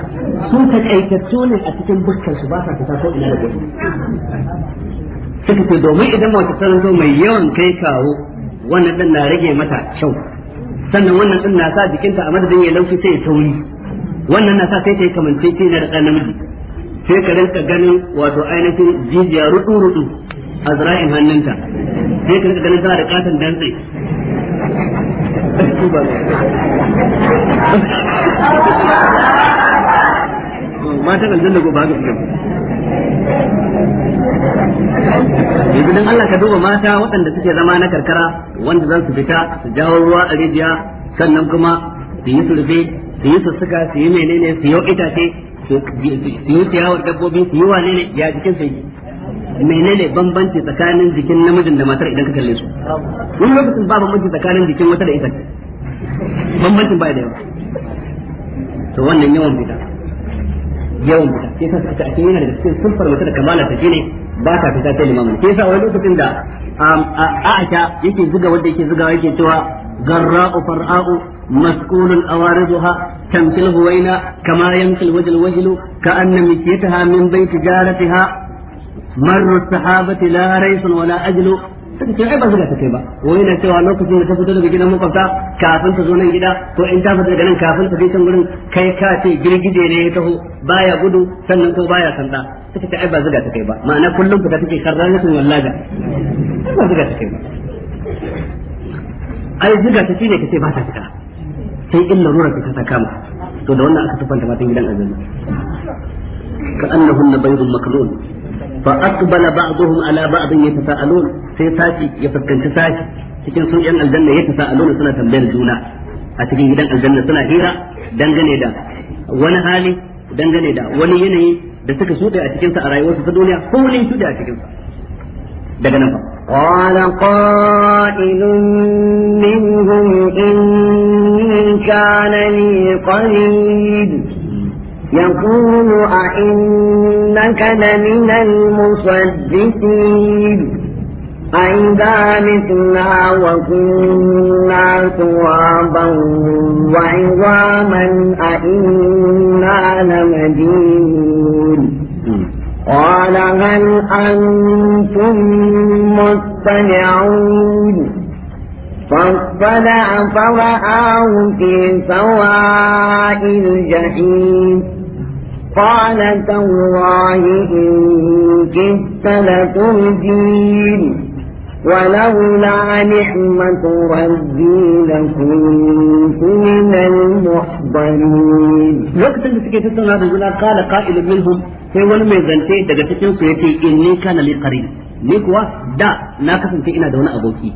سنتك أي كتون أتكن بكا سباسا كتاكو إلى ربكما suka domin idan mace ta mai yawan kai kawo wannan din na rage mata kyau sannan wannan din na sa jikinta a madadin ya laushi sai ya tauri wannan na sa sai ta yi kamance ce na da namiji sai ka rinka ganin wato ainihin jijiya rudu rudu hannunta sai ka tana da katon dantse mata aljanna ko ba haka suke yanzu Allah ka duba mata waɗanda suke zama na karkara wanda za su fita su jawo ruwa a rijiya sannan kuma su yi surfe su yi sussuka su yi menene su yi itace su yi ciyawar dabbobi su yi wane ne ya jikin su menene bambanci tsakanin jikin namijin da matar idan ka kalle su wani lokacin ba bambanci tsakanin jikin wata da ita bambancin ba da yawa to wannan yawan bida yawan bida sai ka saka ake yana da cikin sulfar mutum da kamala ta ne ba ta fita ta limamin sai sa wani lokacin da ta um, yake zuga wanda yake zuga yake cewa garra'u far'a'u مسكون أوارضها تمشي الهوينة كما يمشي الوجه الوجل كأن مشيتها من بيت جارتها مر الصحابة لا ريس ولا أجل suka ce ai ba su ta kai ba wai na cewa lokacin da ta fito da gidan makwabta kafin ta zo nan gida ko in ta fito daga nan kafin ta je kai ka ce girgije ne ya taho baya gudu sannan baya sanda ai ba ta sai illa larura ta ta kama to da wannan aka tufanta matan gidan azumi ka na bayrun maklun fa aqbala ba'dhum ala ba'dhin yatasaalun sai sashi ya fuskanci sashi cikin sun yan aljanna yatasaalun suna tambayar juna a cikin gidan aljanna suna hira dangane da wani hali dangane da wani yanayi da suka shuɗe a cikinsa a rayuwarsu ta duniya ko wani shuɗe a cikinsa daga nan ba قال قائل منهم إني كان لي قريب يقول أئنك لمن المصدقين أئذا متنا وكنا ترابا وعظاما أئنا لمدينون قال هل أنتم مستمعون فاطلع فرآه في سواء الجحيم قال تالله إن كدت لترجين ولولا نعمة ربي لكنت من المحضرين لقد تسكي تسمع بقول قال قائل منهم sai wani mai zance daga cikin su yace in ni kana li qarin ni kuwa da na kasance ina da wani aboki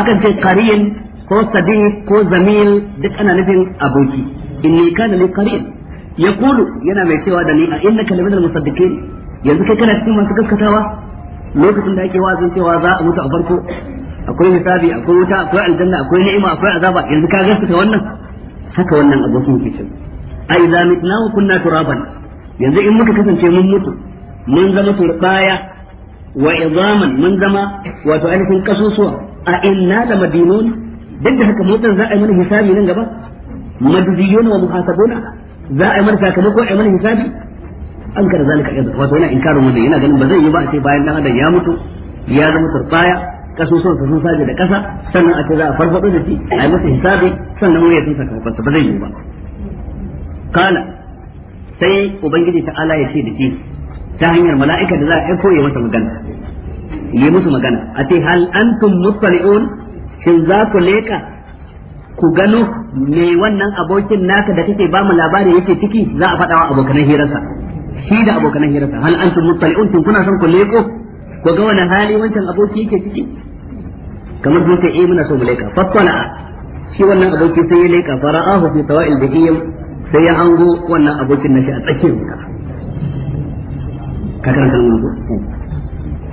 akan ce qarin ko sadiq ko zamil duk ana aboki in ni yaqulu yana mai cewa da ni a innaka laminal musaddiqin yanzu kai kana cikin masu gaskatawa lokacin da ake wazin cewa za a mutu a farko akwai hisabi akwai wuta akwai aljanna akwai ni'ima akwai azaba yanzu ka gaskata wannan haka wannan abokin ke cewa a idza mu wa kunna turaban yanzu in muka kasance mun mutu mun zama turbaya wa idaman mun zama wato ainihin kasusuwa a inna da madinun duk da haka mutan za a yi mana hisabi nan gaba madiyun wa muhasabuna za a yi mana sakamako a yi mana hisabi an kar zalika kaza wato yana inkarin wannan yana ganin ba zai yi ba ce bayan dan adam ya mutu ya zama turbaya kasusuwan sa sun saje da kasa sannan a ce za a farfado da shi a yi masa hisabi sannan wani ya san sakamakon sa ba zai yi ba kala sai ubangiji ta ala ya ce da shi ta hanyar mala'ika da za a aiko ya masa magana yi musu magana a ce hal antum un shin za ku leka ku gano me wannan abokin naka da kake ba mu labari yake ciki za a faɗawa abokanan hirarsa shi da abokanan hirarsa hal antum muttali'un tun kuna son ku leko ku ga wani hali wancan aboki yake ciki kamar sun sai eh muna so mu leka fattala shi wannan aboki sai ya leka fara'ahu fi tawail bihim sai ya hango wannan abokin nashi a tsakiyar wuta ka karanta mun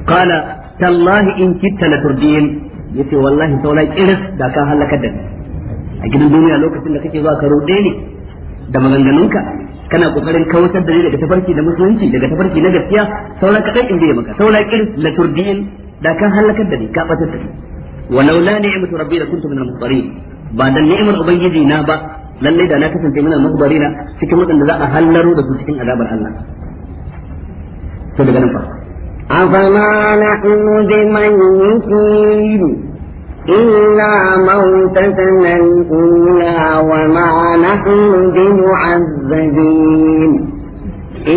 qala tallahi in kitta la turdin yace wallahi saula kiris da ka halaka da ni a gidan duniya lokacin da kake zuwa ka rude ne da maganganunka kana kokarin kawatar da ni daga tafarki da musulunci daga tafarki na gaskiya saura kadan in bai maka sauran kirin la turdiyin da kan halakar da ni ka batar da ni wa laula ni'matu rabbi la kuntu min al-mutarin ba dan ni'mar ubangiji na ba lalle da na kasance min al-mutarin cikin wadanda za a hallaro da su cikin azabar Allah to daga nan fa afama na'udhu bimayyitin إلا موتتنا الأولى وما نحن بمعذبين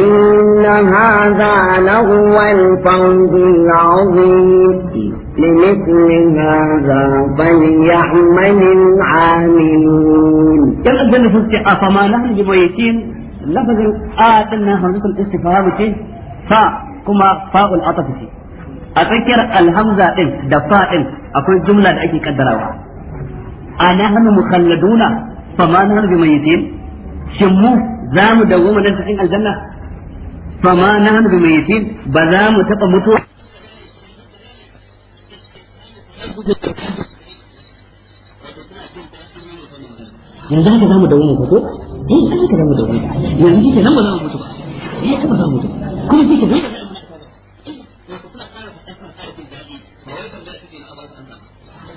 إن هذا لهو الفوز العظيم لمثل هذا فليعمل العاملون كان أجل فسك أفما نحن بميتين لفظ آتنا همزة الاستفهام فا كما فاء العطف فيه a tsakiyar alhamza din da fa din akwai jumla da ake kaddarawa ana hannu mukhalladuna fa ma nahnu bimayitin shin mu za mu dawoma nan cikin aljanna fa ma nahnu bimayitin ba za mu taba mutuwa yanzu haka za mu dawoma ko eh haka za mu dawoma yanzu kenan ba za mu mutu ba eh ba za mu mutu kuma shi kenan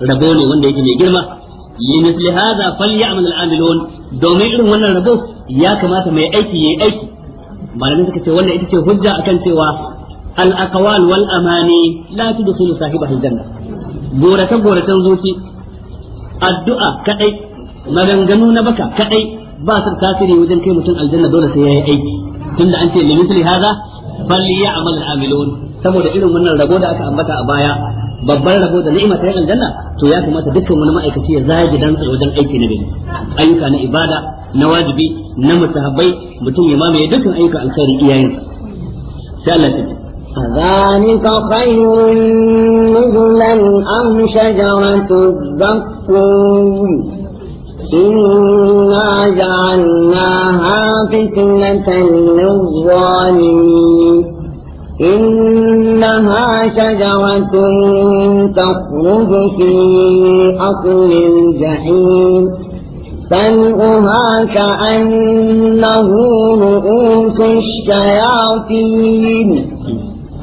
rabo ne wanda yake mai girma li misli hadha falyamal al domin irin wannan rabo ya kamata mai aiki yayi aiki malamin suka ce wannan ita ce hujja akan cewa al-aqwal wal amani la tudkhilu sahibahu janna goratan goratan zuci addu'a kadai maganganu na baka kadai ba su tasiri wajen kai mutum aljanna dole sai yayi aiki tunda an ce li misli hadha falyamal al saboda irin wannan rabo da aka ambata a baya babban rabo da ni'ima ta aljanna to ya kamata dukkan wani ma'aikaci ya zage dan sa wajen aiki na gari ayyuka na ibada na wajibi na mutahabbai mutum ya mamaye dukkan ayyukan alkhairi iyayensa sai Allah ya أذلك خير نزلا أم شجرة الزقوم إنا جعلناها فتنة للظالمين إنها شجرة تخرج في أصل الجحيم فنؤها كأنه رؤوس الشياطين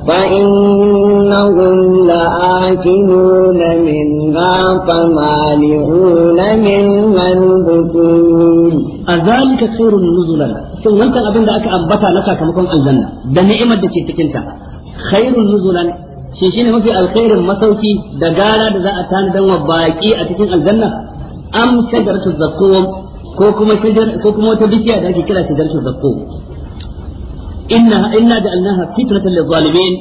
فإنهم لآكلون منها فمالئون منها البطون a zalika khairun nuzulan sun wancan abin da aka ambata na sakamakon aljanna da ni'imar da ke cikinta, ta khairun nuzulan shi shine mafi alkhairin masauki da gara da za a tanadan wa baki a cikin aljanna am shajaratu zakkum ko kuma shajar ko kuma wata bishiya da ake kira shajaratu zakkum inna inna ja'alnaha fitratan lizalimin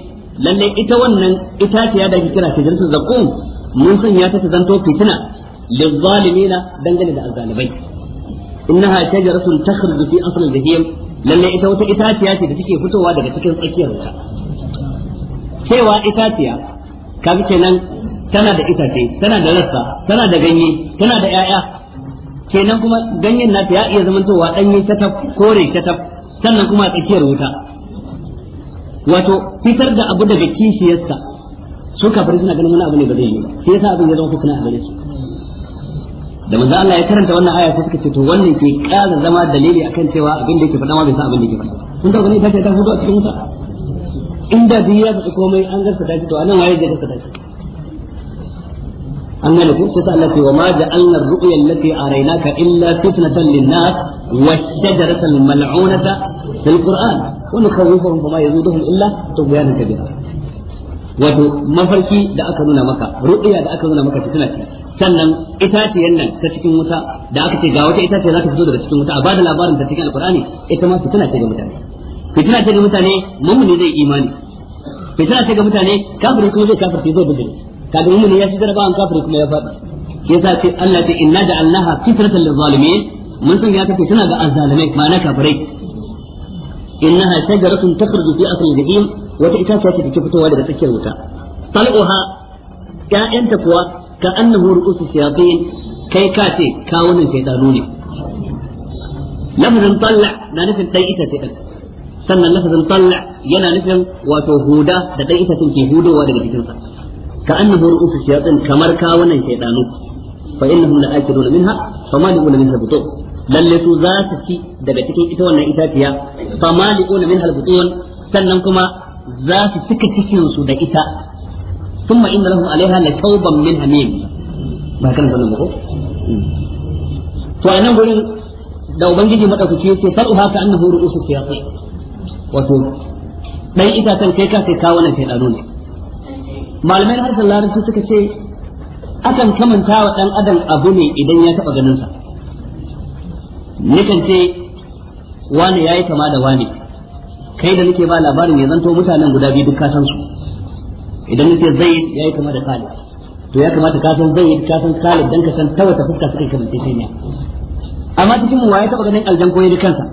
lalle ita wannan itaciya da ake kira shajaratu zakkum mun sanya ta ta zanto fitina lizzalimina dangane da azzalibai إنها shajaratun تخرج في أصل الجهيم لأن lalle ita wata itaciya ce da take fitowa daga cikin tsakiyar wuta cewa itaciya kaga kenan tana da itace tana da tana ganye tana da kenan kuma ganyen nata ya iya zaman zamantowa danye tataf kore tataf sannan kuma a tsakiyar wuta wato fitar da abu daga kishiyarsa su kafir suna ganin wani abu ne ba zai yi ba sai yasa abin ya zama fitina a gare su da manzo Allah ya karanta wannan aya sai suka ce to wannan ke ƙara zama dalili akan cewa abin da yake faɗa ma bai san abin da yake faɗa kun ga wani ta ce ta hudu a cikin wuta inda duk ya faɗi komai an garsa ta to anan waye ya garsa ta an gane ku sai Allah ce wa ma ja'alna ar-ru'ya allati araynaka illa fitnatan lin-nas wash-shajarata al-mal'unata fil Qur'an wa nukhawwifuhum fama yazuduhum illa tughyanan kabira wato mafarki da aka nuna maka ru'ya da aka nuna maka fitna ce sannan itaciyen nan ta cikin wuta da aka ce ga wata itaciya za ta fito daga cikin wuta a bada labarin ta cikin alkur'ani ita ma fitina ce ga mutane fitina ce ga mutane mummuni zai imani fitina ce ga mutane kafiri kuma zai kafirce zai bijire kaga mummuni ya ci jaraba an kafiri kuma ya faɗi ke sa ce Allah ta inna ja'alnaha fitratan lizalimin mun san ya ta fitina ga azzalimai ma'ana kafirai innaha shajaratun takhruju fi asli jahim wata itaciya ce take fitowa daga tsakiyar wuta tal'uha ya'yanta kuwa ka annahu ru'usu shayatin kai ka ce kawunan shaytanu ne lafazin talla na nufin dan ita ce din sannan lafazin talla yana nufin wato huda da dan ita ke hudowa daga cikin sa ka annahu ru'usu shayatin kamar kawunan shaytanu fa innahum la'akilun minha famali'un minha buto lalle su za su ci daga cikin ita wannan itaciya famali'un minha butun sannan kuma za su cika cikin su da ita thumma inna lahum alaiha la tawban min hamim ba kan sanin ko to a nan gurin da ubangiji madaukaki yace far'u haka annahu ru'usu shayatin wato dan itatan kai ka sai kawo ne malamai na harshen larabci suka ce akan kamanta wa dan adam abu ne idan ya taba ganin sa nikan ce wani yayi kama da wani kai da nake ba labarin ya zanto mutanen guda biyu duk ka san su idan nace zaid yayi kama da kalib to ya kamata ka san zai ka san kalib dan ka san ta fuska suka kamata sai ne amma cikin mu waye taba ganin aljan koyi kansa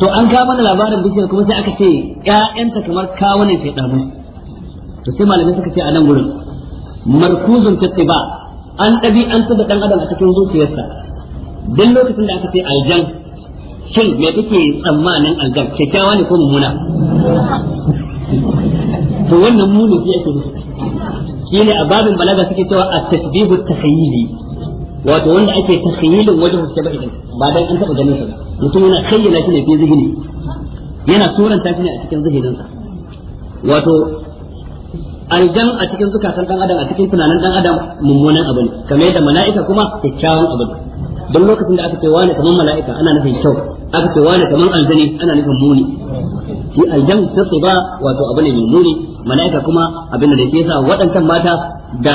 to an ka mana labarin bishiyar kuma sai aka ce ƴaƴanta kamar kawunan shaytanu to sai malamai suka ce a nan gurin markuzun tattiba an dabi an tada dan adam a cikin zuciyarsa dan lokacin da aka ce aljan shin me kake tsammanin aljan kyakkyawa ne ko mummuna to wannan muni sai ake nufi shine a babin balaga suke cewa at-tashbihu at-takhayyili wato wanda ake takhayyilin wajen shabahi din ba dan an taba ganin sa ba mutum yana khayyala shi ne fi zihni yana suranta shi ne a cikin zihininsa wato aljan a cikin zukatan dan adam a cikin tunanin dan adam mummunan abu ne kamar yadda mala'ika kuma kyakkyawan abu ne don lokacin da aka ce wani kaman mala'ika ana nufin kyau aka ce wani kaman aljani ana nufin muni shi aljan ba wato abu ne mai muni mala'ika kuma abin da ke sa waɗancan mata da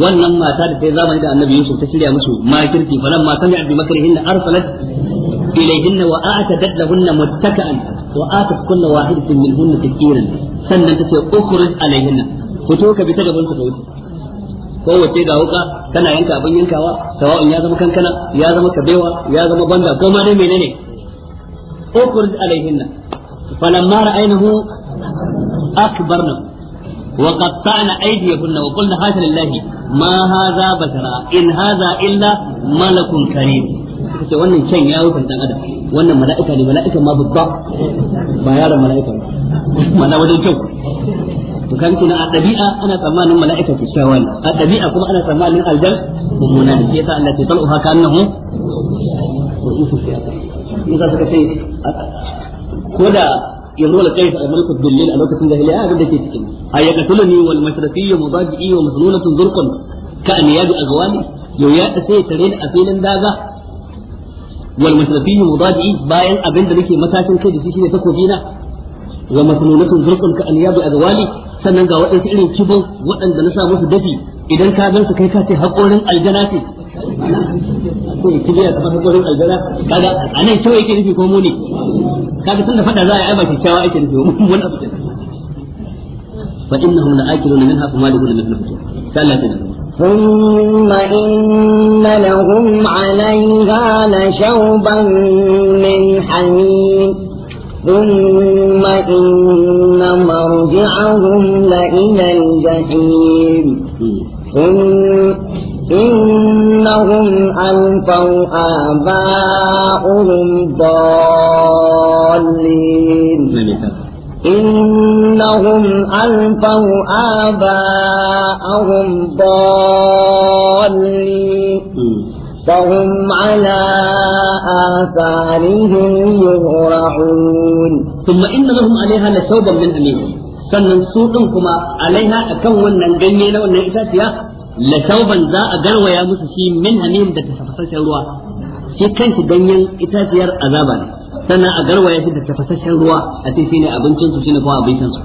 wannan mata da ta zamani da annabi Yusuf ta shirya musu makirci falan ma sami bi makrihin arsalat ilayhin wa a'tadat lahunna muttaka'an wa atat kullu wahidatin minhunna takiran sannan ta ce ukhruj alayhinna fito ka bi ta gaban su ka wuce kowace ga wuka kana yanka abin yankawa sawa'un ya zama kankana ya zama kabewa ya zama banda ko ma dai menene ukhruj alaihinna falamma ra'aynahu akbarna wa qatta'na aydiyahunna wa qulna hasha lillahi ma hadha basara in hadha illa malakun karim kace wannan can ya wuce dan adam wannan mala'ika ne mala'ika ma babba ba yaron mala'ika ba mana wajen kyau to kan kina a dabi'a ana tsammanin mala'ika kyakkyawa ne a dabi'a kuma ana tsammanin aljan mummuna ne sai Allah ya tsalo haka annahu in za suka ce ko da yanzu wala kai a mulkul dillil a lokacin jahiliya abin da ke cikin ayakatuluni wal masrafiyyu mudaji'i wa masnunatun zurqun ka an yadu azwani yau ya sai tare ni a filin daga wal masrafiyyu mudaji'i bayan abin da nake matashin kai da shi shine takobi na wa masnunatun zulqun ka anyabi azwali sannan ga waɗansu irin kibin waɗanda na sa musu dafi idan ka gan su kai ka ce haƙorin aljana ce ko kibiya kamar haƙorin aljana kaga anan kyau yake nufi ko muni kaga tunda fada za a yi ai ba kyakkyawa ake nufi mun abu fa innahum la'akiluna minha fa malihuna min al-futur sallallahu alaihi ثم إن لهم عليها لشوبا من حميم ثم إن مرجعهم لإلى الجحيم إنهم ألفوا آباؤهم ضالين إنهم ألفوا آباءهم ضالين فهم على آثارهم يهرعون ثم إن لهم عليها لشوبا من حميم sannan su ɗin kuma alaiha akan wannan ganye na wannan itaciya la shauban za a garwaya musu shi min hamim da tafasasshen ruwa shi kanshi ganyen itaciyar azaba ne sannan a garwaya shi da tafasasshen ruwa a ce shine abincin su shine kuma abincin su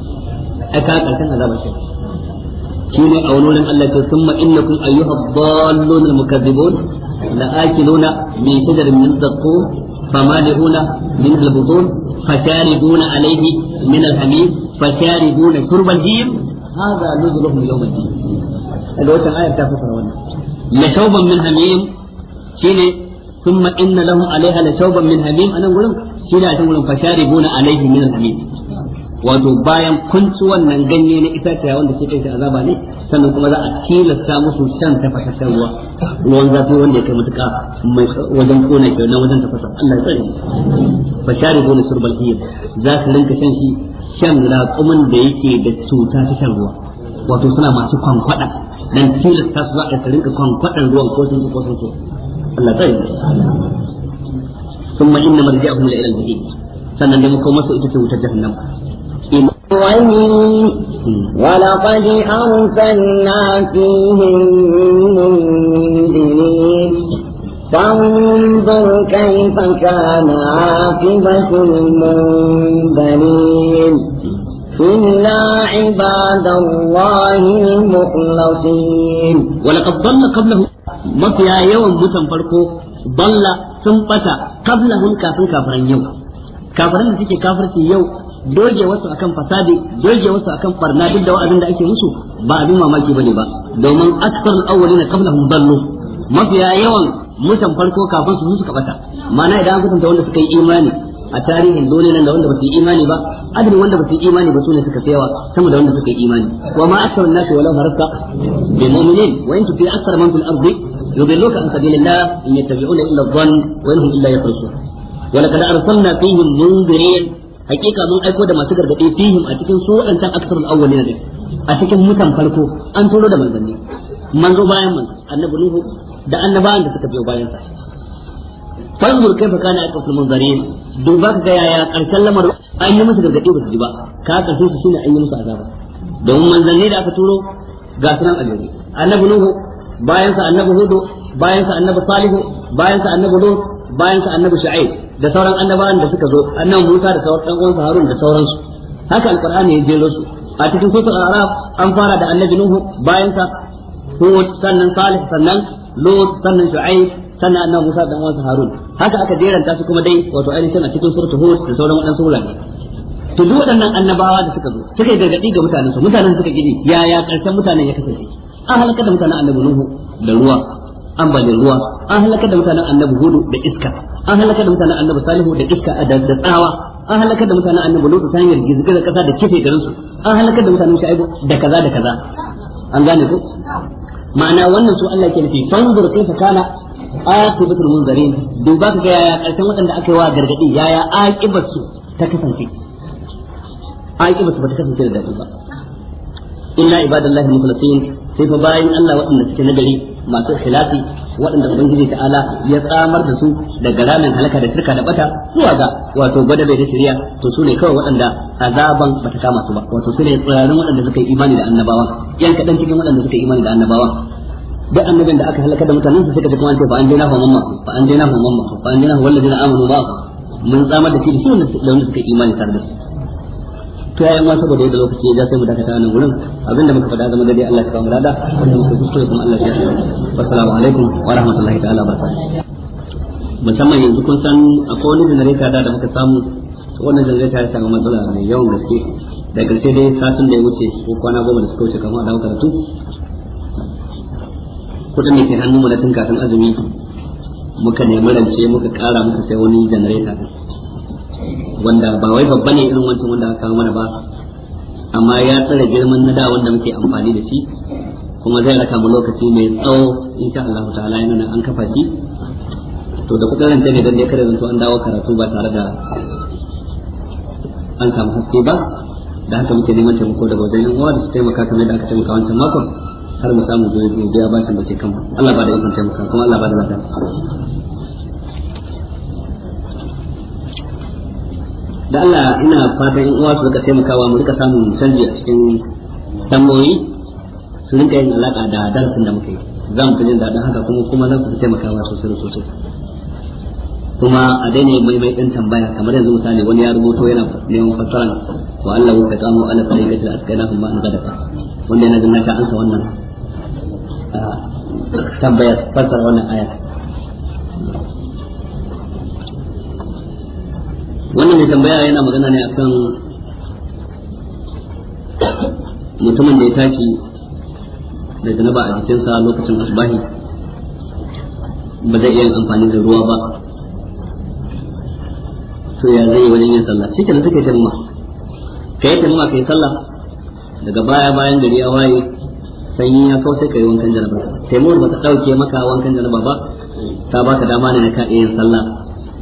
a ka karshen azaba shi shine a wurin Allah ce summa innakum ayyuhad dallun al-mukazzibun لآكلون من شجر من زقوم فمالئون من البطون فشاربون عليه من الحميم فشاربون شرب الهيم هذا نزلهم يوم الدين الوتر آية تفسر ونا لشوبا من حميم شيني ثم إن لهم عليها لشوبا من حميم أنا أقول شيني أقول فشاربون عليه من الحميم wato bayan kunci wannan ganye na itaciya wanda ke kai azaba ne sannan kuma za a tilasta musu shan tafasashen ruwa ruwan zafi wanda ya kai matuƙa mai wajen kona ke na wajen tafasa Allah ya tsare fa share gona surbal hiyar za su rinka shan shi shan raƙumin da yake da cuta ta shan ruwa wato suna masu kwankwada dan tilasta su za su rinka kwankwadan ruwan ko sun ko sun so Allah tsare ثم إن مرجعهم لإلى الجحيم sannan dai makomar su ita ce wutar jahannama ولقد أرسلنا فيهم منذرين فانظر كيف كان عاقبة المنذرين إلا عباد الله المخلصين ولقد ضل قبله mafiya yawan mutan farko balla sun bata kablahun kafin kafiran yau kafiran da suke kafirci yau doge wasu akan fasadi doge wasu akan barna duk da wa'azin da ake musu ba abin mamaki bane ba domin aksar al-awwalina qablahum dallu mafiya yawan mutan farko kafin su musu kabata. ma'ana idan an kusanta wanda suka yi imani a tarihin dole nan da wanda ba su yi imani ba adadin wanda ba su yi imani ba sune suka fiyawa sama da wanda suka yi imani wa ma aksar an-nasi walau harasta bi mu'minin wa in tufi aksar man fil ardi yudilluka an sabilillah in yattabi'una illa dhann wa in hum illa yakhrusun ولقد أرسلنا فيهم منذرين hakika mun aiko da masu gargadi fihim a cikin su wadancan aksarul awwalina ne a cikin mutan farko an turo da manzanni manzo bayan manzo annabi nuhu da annabawan da suka biyo bayan sa fanzur kaifa kana aqful munzarin duba ga yaya karshen lamar an yi musu gargadi ba su ji ba ka karshen su shine an yi musu azaba domin manzanni da aka turo ga sunan aljeri annabi nuhu bayan sa annabi hudu bayan sa annabi salihu bayan sa annabi lut bayan sa annabi shu'aib da sauran annabawan da suka zo annabi Musa da sauran ɗan Harun da sauransu haka alqur'ani ya jero su a cikin al araf an fara da annabi Nuhu bayan sa Hud sannan Salih sannan Lut sannan Shu'aib sannan annabi Musa da uwansa Harun haka aka jeranta su kuma dai wato ainihin a cikin sura Hud da sauran sura ne to duk waɗannan annabawa da suka zo suka gargadi ga mutanen su mutanen suka gidi yaya ƙarshen mutanen ya kasance an halaka da mutanen annabi Nuhu da ruwa ambaliyar ruwa an halaka da mutanen annabi hudu da iska an halaka da mutanen annabi salihu da iska da da tsawa an halaka da mutanen annabi lutu ta hanyar gizgizar kasa da kife garin su an halaka da mutanen shaibu da kaza da kaza an gane ko ma'ana wannan su Allah ke nufi fanzur kaifa kana aqibatul munzarin duba ka ga yaya karshen waɗanda aka yi wa gargadi yaya aqibar su ta kasance aqibar su ba ta kasance da dadi ba illa ibadallahi mukhlasin sai fa bayin Allah waɗanda suke nagari masu khilafi waɗanda ubangiji ta'ala ya tsamar da su daga ranar halaka da shirka da bata zuwa ga wato gwada bai da shirya to su ne kawai waɗanda azaban bata kama su ba wato su ne tsirarin waɗanda suka yi imani da annabawa yan kaɗan cikin waɗanda suka yi imani da annabawa da annabin da aka halaka da mutanen su suka ji kuma an ce fa an daina hu mamma fa an daina hu mamma fa an daina hu wallazina amanu ba mun tsamar da shi da su da wanda suka yi imani tare da su to ya ma saboda yadda lokaci ya sai mu dakata nan gurin abinda muka faɗa zama dai Allah ya kawo rada wanda muka kuskure kuma Allah ya kawo assalamu alaikum wa rahmatullahi ta'ala wa musamman yanzu kun san akwai wani generator da da muka samu wannan generator ya samu matsala mai yawan gaske da gaske dai satin da ya wuce ko kwana goma da suka wuce kamar da karatu kudin da ke hannun mu na tun kafin azumi muka nemi rance muka kara muka sai wani generator wanda ba wai babba ne irin wancan wanda aka mana ba amma ya tsare girman na da wanda muke amfani da shi kuma zai raka mu lokaci mai tsawo insha Allah ta'ala yana nan an kafa shi to da kuka ranta ne dan da kare zanto an dawo karatu ba tare da an samu haske ba da haka muke neman taimako daga wajen yan uwa da su taimaka kamar da aka taimaka wancan makon har mu samu gobe gobe ya bashin da ke kan Allah ba da ikon taimaka kuma Allah ba da lafiya da Allah ina fatan in uwa su rika taimakawa mu rika samun canji a cikin tamboyi su rika yin alaka da darasin da muke za mu jin daɗin haka kuma kuma za ku taimakawa sosai sosai kuma a daina mai mai ɗin tambaya kamar yanzu misali wani ya rubuto yana neman fassara wa Allah ka tsamo ala tariqati al-asqalahum ma an gadaka wanda yana jin ta ansa wannan ah, tambaya fassara wannan aya wannan mai tambaya yana magana ne akan mutumin da ya tashi da janaba a jikinsa lokacin asbahi ba zai iya yin amfani da ruwa ba to ya zai yi wajen yin sallah shi kenan take tamma kai tamma kai sallah daga baya bayan gari ya waye sanyi ya kawo sai kai wankan janaba mu ba ta dauke maka wankan janaba ba ta baka dama ne na ka yin sallah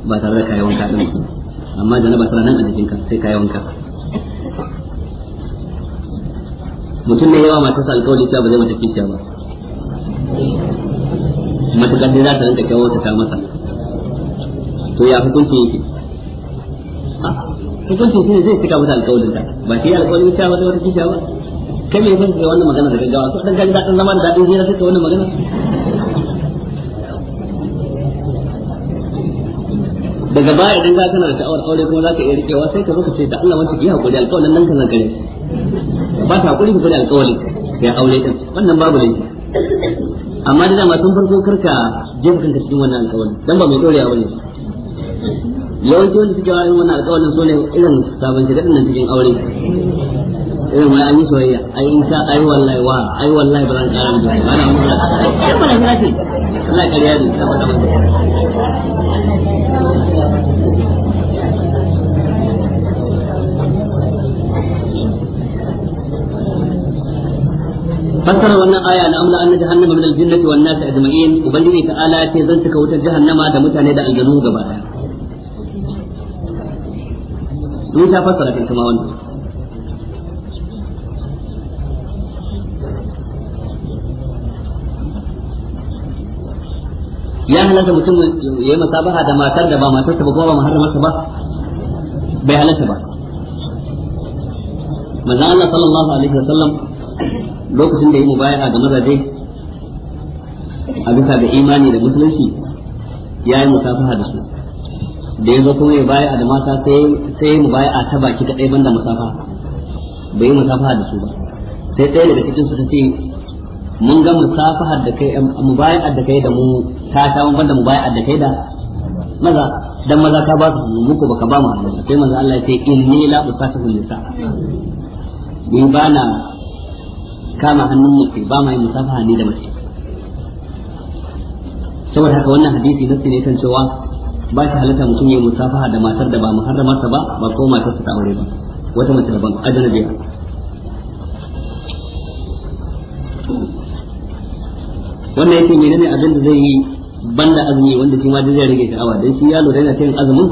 ba tare da kai wanka din ba amma janaba tana nan a jikinka sai ka wanka mutum ne yawa matasa alkawali cewa ba zai mata kicciya ba matukar da za ta rinka kyawo ta masa to ya hukunci yake hukuncin shi ne zai cika mata alkawalin ta ba shi alkawalin ba zai mata kicciya ba kai me yasa ga wannan magana da gaggawa to dan ga dadin zama da dadin zira sai wannan magana daga baya idan ka kana da sha'awar aure kuma za ka iya rikewa sai ka zo ce da Allah wanda biya hakuri alƙawalin nan kan gare ba ta hakuri ku da alƙawari ya aure ta wannan babu ne. amma da dama sun farko karka jefa kanka cikin wannan alƙawari dan ba mai dorewa bane yawanci wanda suke wani wannan alƙawalin so ne irin sabon shiga nan cikin aure irin eh, wai an yi soyayya ai in sha ai wallahi wa ai wallahi ba zan kara ana mutu ai ba zan kace ina kariya ne fassara wannan aya na amla anna jahannama min aljinnati wan ajma'in ubangiji ce zan cika wutar jahannama da mutane da aljanu gaba daya mun ta fassara ta kuma wannan ya halatta mutum ya yi musabaha da matar da ba matarsa ba kuma ba muharramarsa ba bai halatta ba manzon Allah sallallahu alaihi wasallam lokacin da yi mubaya'a ga mazaje a bisa ga imani da musulunci ya yi musafaha da su da ya zo kuma ya bayar da mata sai mu baya a ta baki kaɗai banda musafa bai yi musafaha da su ba sai ɗaya daga cikin su ta ce mun ga musafahar da kai bayan da kai da mu ta ta mun banda bayan da kai da maza dan maza ka ba su mu ko baka ba mu hannu sai manzo Allah ya ce inni la usafahu lisa ni bana kama hannun ke ba mai musafaha ni da mace saboda haka wannan hadisi nasi ne kan cewa ba shi halatta mutum ya musafaha da matar da ba ta ba ba ko matar ta aure ba wata mace daban ajnabiya wannan yake menene abin da zai yi banda azumi wanda shi ma zai rage sha'awa dan shi ya lura yana cin azumin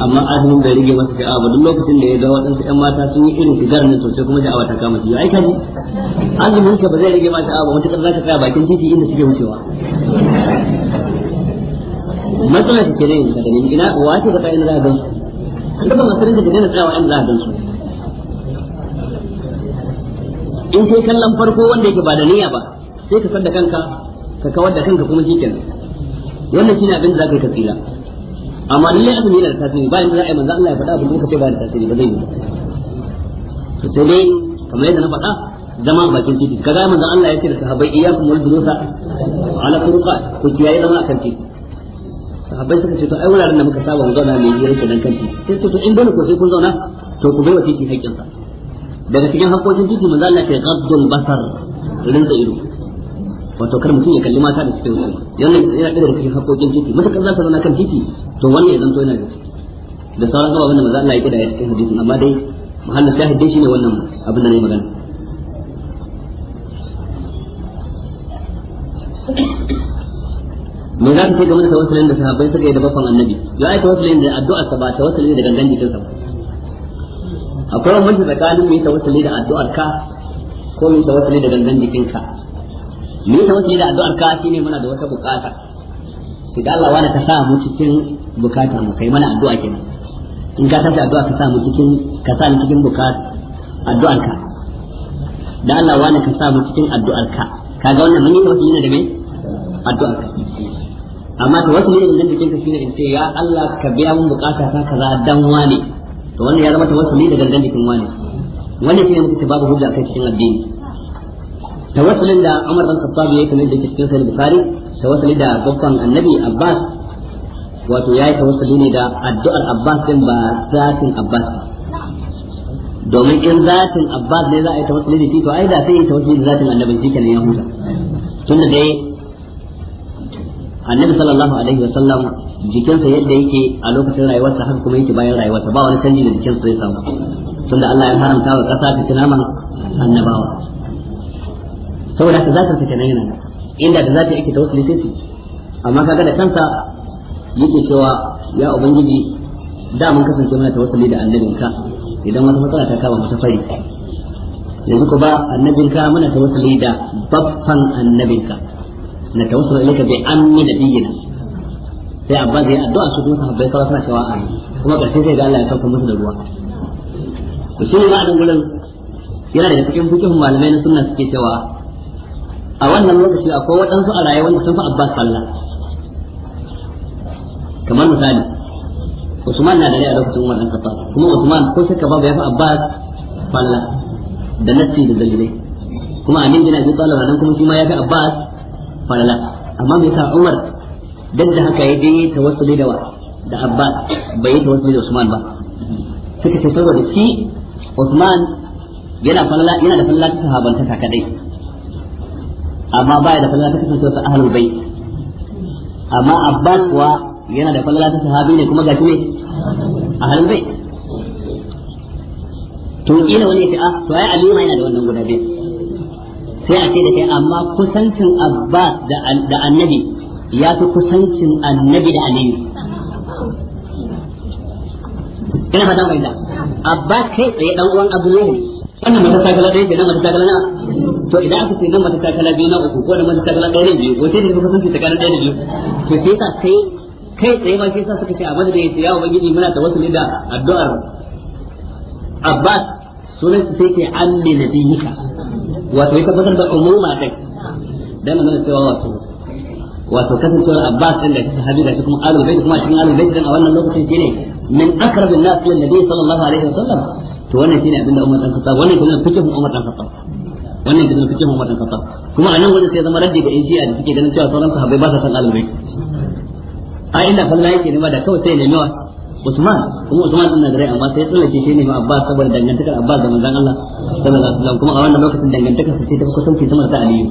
amma azumin bai rage masa sha'awa ba duk lokacin da ya ga waɗansu ƴan mata sun yi irin shigar nan sai kuma sha'awa ta kama shi ai kaji azumin ka ba zai rage masa sha'awa ba za ka tsaya bakin titi inda suke wucewa matsala take ne da ganin ina wace ba ta inda za a gansu an dafa masu rinka da daina tsawa inda za a gansu in kai kallon farko wanda yake ba da niyya ba sai ka san da kanka ka kawar da kanka kuma shikenan wannan shine abin da zaka yi tafsira amma lalle abin yana da tasiri ba yanzu za a yi manzo Allah ya faɗa abin da ce ba da tasiri ba zai yi to sai dai kamar yadda na faɗa zama bakin titi kaga manzo Allah ya ce da sahabbai iyyakum wal dunusa ala turuqat ku kiyaye zama akan titi sahabbai suka ce to ai wuraren da muka saba mu zauna mai yi rike nan kan titi sai to in dole ko sai kun zauna to ku bai wa titi haƙƙinsa daga cikin haƙƙoƙin titi manzo Allah ya ce ghaddul basar rinka ido wato kar mutum ya kalli mata da cikin su yana yana da cikin hakokin titi mutakar za ta zauna kan titi to wannan ya zanto yana da da sauran gaba wanda maza Allah ya kida ya cikin hadisin amma dai muhallin shahid dai shine wannan abin da ne magana me za ka ce game da tawassulin da sahabbai suka yi da bafan annabi ya ai tawassulin da addu'a ta ba tawassulin da gangan jikin sa akwai wani tsakanin mai tawassuli da addu'ar ka ko mai tawassuli da gangan jikin ka me ta wasu da addu'ar ka shine muna da wata bukata sai da Allah wani ta sa mu cikin bukata mu kai mana addu'a kenan in ka tafi addu'a ka sa mu cikin ka sa cikin bukata addu'ar ka da Allah wani ka sa mu cikin addu'ar ka kaga wannan mun yi tawassuli ne da me addu'ar ka amma ta wasu ne da jikin ka shine in ce ya Allah ka biya mun bukata ta kaza dan wani to wannan ya zama tawassuli da gangan jikin wani wannan shine muka babu hujja kai cikin addini tawassulin da Umar bin Khattab yayi kamar da ke cikin Sahih Bukhari tawassuli da babban Annabi Abbas wato yayi tawassuli ne da addu'ar Abbas din ba zatin Abbas domin in zatin Abbas ne za a yi tawassuli da shi to ai da sai yi tawassuli da zatin Annabi shi kenan ya huta tunda dai Annabi sallallahu alaihi wa sallam jikinsa yadda yake a lokacin rayuwarsa haka kuma yake bayan rayuwarsa ba wani canji da jikinsa ya samu tunda Allah ya haramta wa ƙasa ta tunaman annabawa saboda haka zakarsa ta yana nan inda da zata yake tawassuli sai su amma kaga da kansa yake cewa ya ubangiji da mun kasance muna tawassuli da annabinka idan wata matsala ta kama mata fari yanzu ko ba annabinka muna tawassuli da babban annabinka na tawassuli ilayka bi anni nabiyina sai abba zai addu'a su kuma sahabbai kawai suna cewa amin kuma karshe sai ga Allah ya sauka musu da ruwa to shi ne ma'anin gurin yana daga cikin fikihun malamai na sunna suke cewa a wannan lokaci akwai waɗansu a rayuwar da sun fi Abbas sallah kamar misali Usman na da rai a lokacin Umar dan Khattab kuma Usman ko shakka babu ya fi Abbas sallah da nasi da dalilai kuma Amin bin Abi Talib nan kuma shi ma ya fi Abbas sallah amma me yasa Umar dan da haka ya je tawassuli da wa da Abbas bai yi tawassuli da Usman ba suka ce saboda shi Usman yana yana da falala ta sahabanta kadai amma baya da falala ta kasance wasu ahlul bai amma abbas kuwa yana da falala ta sahabi ne kuma gashi ne ahlul bai to ina wani ya fi a ah, to ai aliyu ma yana da wannan guda biyu sai a ce da kai amma kusancin abbas da annabi ya fi kusancin annabi da annabi, ina fata mai da abbas kai tsaye dan uwan abu ne. wannan mata takala ɗaya kenan mata takala na to idan aka ce nan mata takala biyu na uku ko da mata takala ɗaya da biyu wace ne kuka sanci takala ɗaya da biyu to sai sa sai kai tsaye ma sai sa suka ce a madadin ya ya ubangiji muna wasu da addu'ar Abbas sunan sai ke ammi nabiyika wato ya tabbatar da umuma dai dan nan cewa wato wato kasancewar Abbas din da sahabi da kuma alu bai kuma shi alu bai dan a wannan lokacin shine min akrabin nas lin nabi sallallahu alaihi wasallam to wannan shine abinda Umar dan Khattab wannan kuma mu Umar dan Khattab wannan kuma mu Umar dan Khattab kuma anan wajen sai zama raddi ga injiya da suke ganin cewa sauran sahabbai ba sa san alimai a inda falla yake nema da kawai sai ne wa Usman kuma Usman din da rai amma sai tsallake shi ne ma Abbas saboda dangantakar Abbas da manzon Allah sallallahu alaihi wasallam kuma a wannan lokacin dangantakar su sai ta kusa kusanci zaman sa Aliyu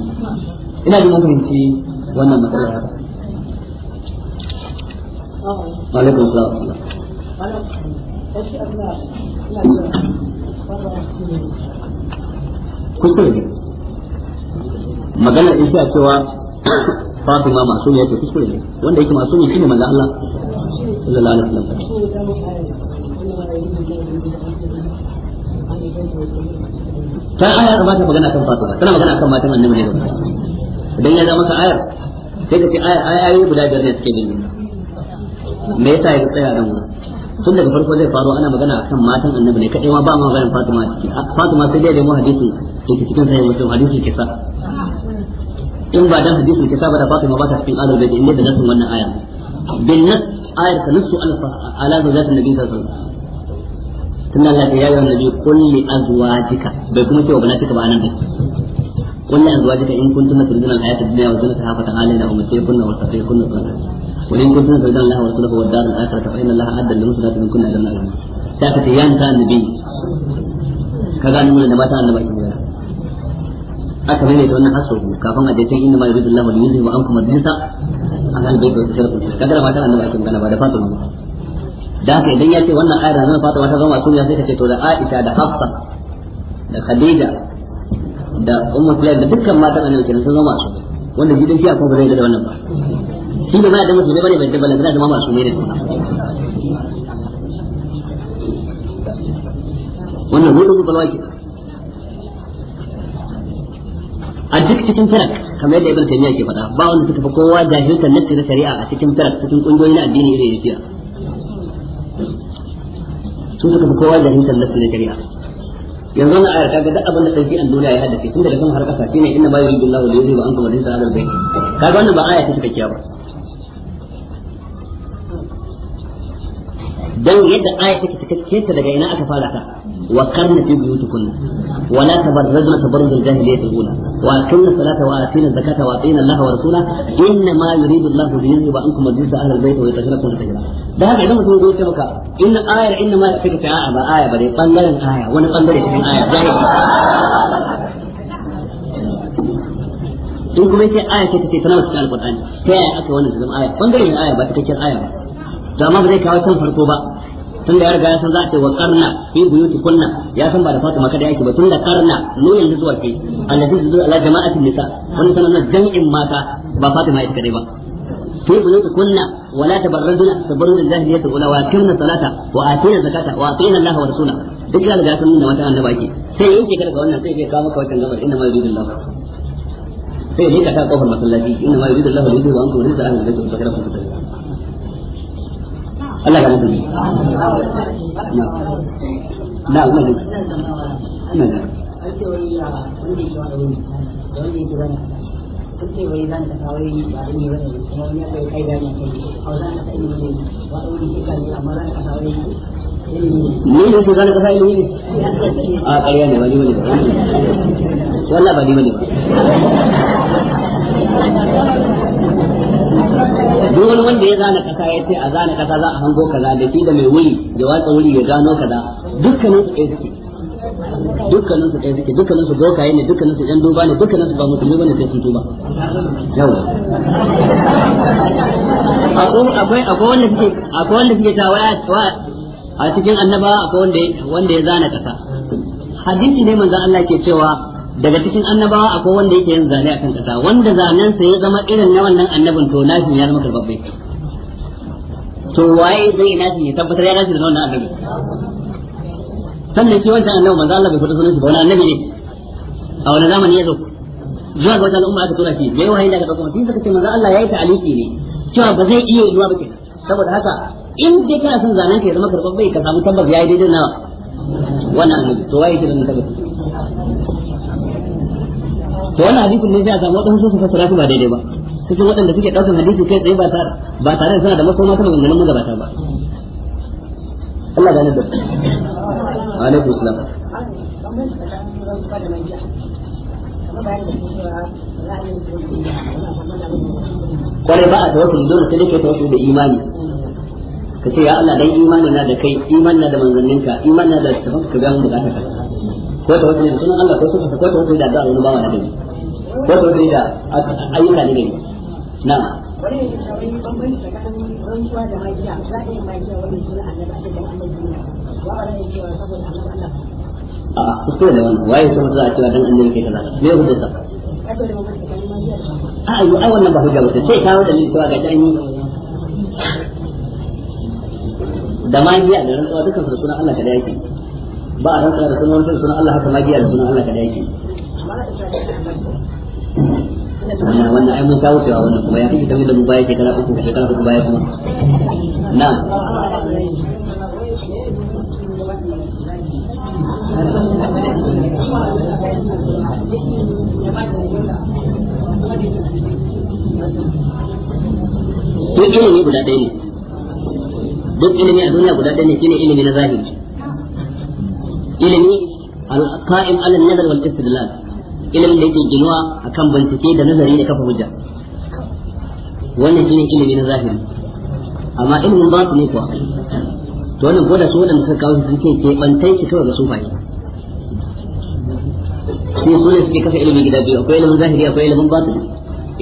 ina jin mun fahimci wannan matsala haka alaikum assalam kuskure ne maganar isa cewa fatima masu ne yake kuskure ne wanda yake masu ne shine manzo Allah sallallahu alaihi wasallam ta aya ba ta magana kan fatima tana magana kan matan annabi ne idan ya zama ka aya sai ka ce ayoyi guda biyar ne suke bin me yasa ya tsaya nan wurin tun daga farko zai faru ana magana a kan matan annabi ne kadai ma ba maganar Fatima ciki Fatima sai dai da mu hadisi ke cikin sahih muslim hadisi sa. in ba dan hadisi sa ba da Fatima ba ta cikin alal bayt inda da nasu wannan aya bin nas ayar ta nasu ala zat annabi sallallahu alaihi wasallam tunda Allah ya yi annabi kulli azwajika bai kuma ce wa cika ba nan kulli azwajika in kuntum tunzilna al-hayata dunya wa zinataha fa ta'alina umtikunna wa safikunna sallallahu وإن كنتم تريدون الله ورسوله والدار الآخرة فإن الله أعد للمحسنات من كنا أجرا عظيما ذاك تيان كان النبي كذا نمنا لما كان النبي aka mai da wannan hasso kafin a dace inda ma yuridu Allah li yuzhiba ankum ad-dinsa an al-bayt wa shirku kaga ba kana annabi akin kana ba da fatima da haka idan ya ce wannan ayar nan fatima ta zama sunna sai ka ce to da Aisha da Hafsa da Khadija da Ummu Sulaim da dukkan matan shi da ba da musulmi bane bai da balantana zama masu ne wannan hudu kwalwa ke a duk cikin tarak kamar yadda ibn taymiya ke faɗa ba wanda suka fi kowa jahiltar nassi na shari'a a cikin tarak cikin kungiyoyi na addini irin yafiya sun suka fi kowa jahiltar nassi na shari'a yanzu wannan ayar kaga duk abin da sai an duniya ya haddace tun da kan har kasa shine inna ma yuridu Allahu li yuzhiba ankum ar-rijsa 'ala al-bayt kaga wannan ba aya ce cikakkiya ba dan yadda aya take cikakkiyar ta daga ina aka fara ta wa karna fi buyutikunna wa la tabarrajna tabarruj al-jahiliyyah al-ula wa aqimna salata wa atina zakata wa atina Allah wa rasula inna ma yuridu Allah li yuzhiba ankum majlis ahli al-bayt wa yutahhirakum tahira da haka idan mutum zai maka inna ayar inna ma take ta a ba aya ba bangaren aya wani bangare cikin aya zahiri in kuma sai aya ce take tana cikin alqur'ani ta yaya aka wannan zama aya bangaren aya ba cikakken aya ba da ma ba zai kawo can farko ba tun da ya riga ya san za a ce wa karna fi buyuti kunna ya san ba da fatima kada yake ba tun da karna mu yanzu zuwa ke annabi zuwa ala jama'atin nisa wannan sanan jami'in mata ba fatima ita kadai ba fi kunna في بيوتكن ولا تبرجن تبرج salata wa atina zakata wa atina وأطيعن wa rasula duk da ga sun da mata annaba ke sai yake ka ga wannan sai ke kawo maka wannan gabar inna ma yuridu Allah sai ne ka ta kofar masallaci inna ma yuridu Allah yuridu wa antum rizqan lahu fakara fa Allah ya mutu na ne ina da ne ne ne ne ne ne ne ba duk wani wanda ya zana kasa ya ce a zana kasa za a hango kaza da shi da mai wuri ya watsa wuri ya gano kaza dukkanin su ɗaya suke dukkanin su ɗaya suke dukkanin su bokaye ne dukkanin su ɗan duba ne dukkanin su ba musulmi bane sai sun tuba yau akwai akwai wanda suke akwai wanda suke ta waya a cikin annaba akwai wanda wanda ya zana kasa hadisi ne manzon Allah ke cewa daga cikin annabawa akwai wanda yake yin zane akan kasa wanda zanen sa ya zama irin na wannan annabin to nafi ya zama karbabbe to waye zai nafi ya tabbatar ya nafi da wannan annabi sannan shi wancan annabi manzo Allah bai fada sunan shi ba wani annabi ne a wani zamani ya zo zuwa ga wannan umma aka tura shi bai wahayi daga kuma shi suka ce manzo Allah yayi ta'aliki ne cewa ba zai iya yiwa ba ke saboda haka in dai kana son zanen ka ya zama karbabbe ka samu tabbas yayi daidai na wannan annabi to waye shi da tabbas to wannan hadisin ne zai samu wadansu su fassara shi ba daidai ba cikin waɗanda suke ɗaukar hadisi kai tsaye ba tare ba tare da suna da makoma ta maganganun magabata ba Allah gane da wa alaikum salam kware ba a tawakkuli dole sai ke tawakkuli da imani ka ce ya Allah dan imani na da kai iman na da manzanninka iman na da tafakka ga mu da ka ko ta wajen sunan Allah ko suka ko ta wajen da da wani bawa na gari ko ta wajen da ayyuka ne gari na wani ne da wani da da wa a kuskure da wannan waye kuma za a cewa dan annabi kai kaza me hujja ta a yi ai wannan ba hujja ba sai kawo dalili cewa ga dan da magiya da rantsuwa dukkan su sunan Allah kada yake ba a rantsa da sunan wani sunan Allah haka magiya da sunan Allah kada yake wannan wannan ai mun kawo cewa wannan kuma ya kike kamar da mu baya shekara uku ka shekara uku baya kuma na duk ilimi guda ɗaya ne duk ilimi a duniya guda ɗaya ne shine ilimi na zahiri ilimi al-qa'im ala nazar wal istidlal ilimin da yake ginuwa akan bincike da nazari da kafa hujja wannan shine ilimi na zahiri amma ilimin ba su ne kuwa to wannan ko da su wadanda suka kawo sun ce ke bantai shi kawai ga sufaye shi su ne suke kasa ilimin gida biyu akwai ilimin zahiri akwai ilimin batini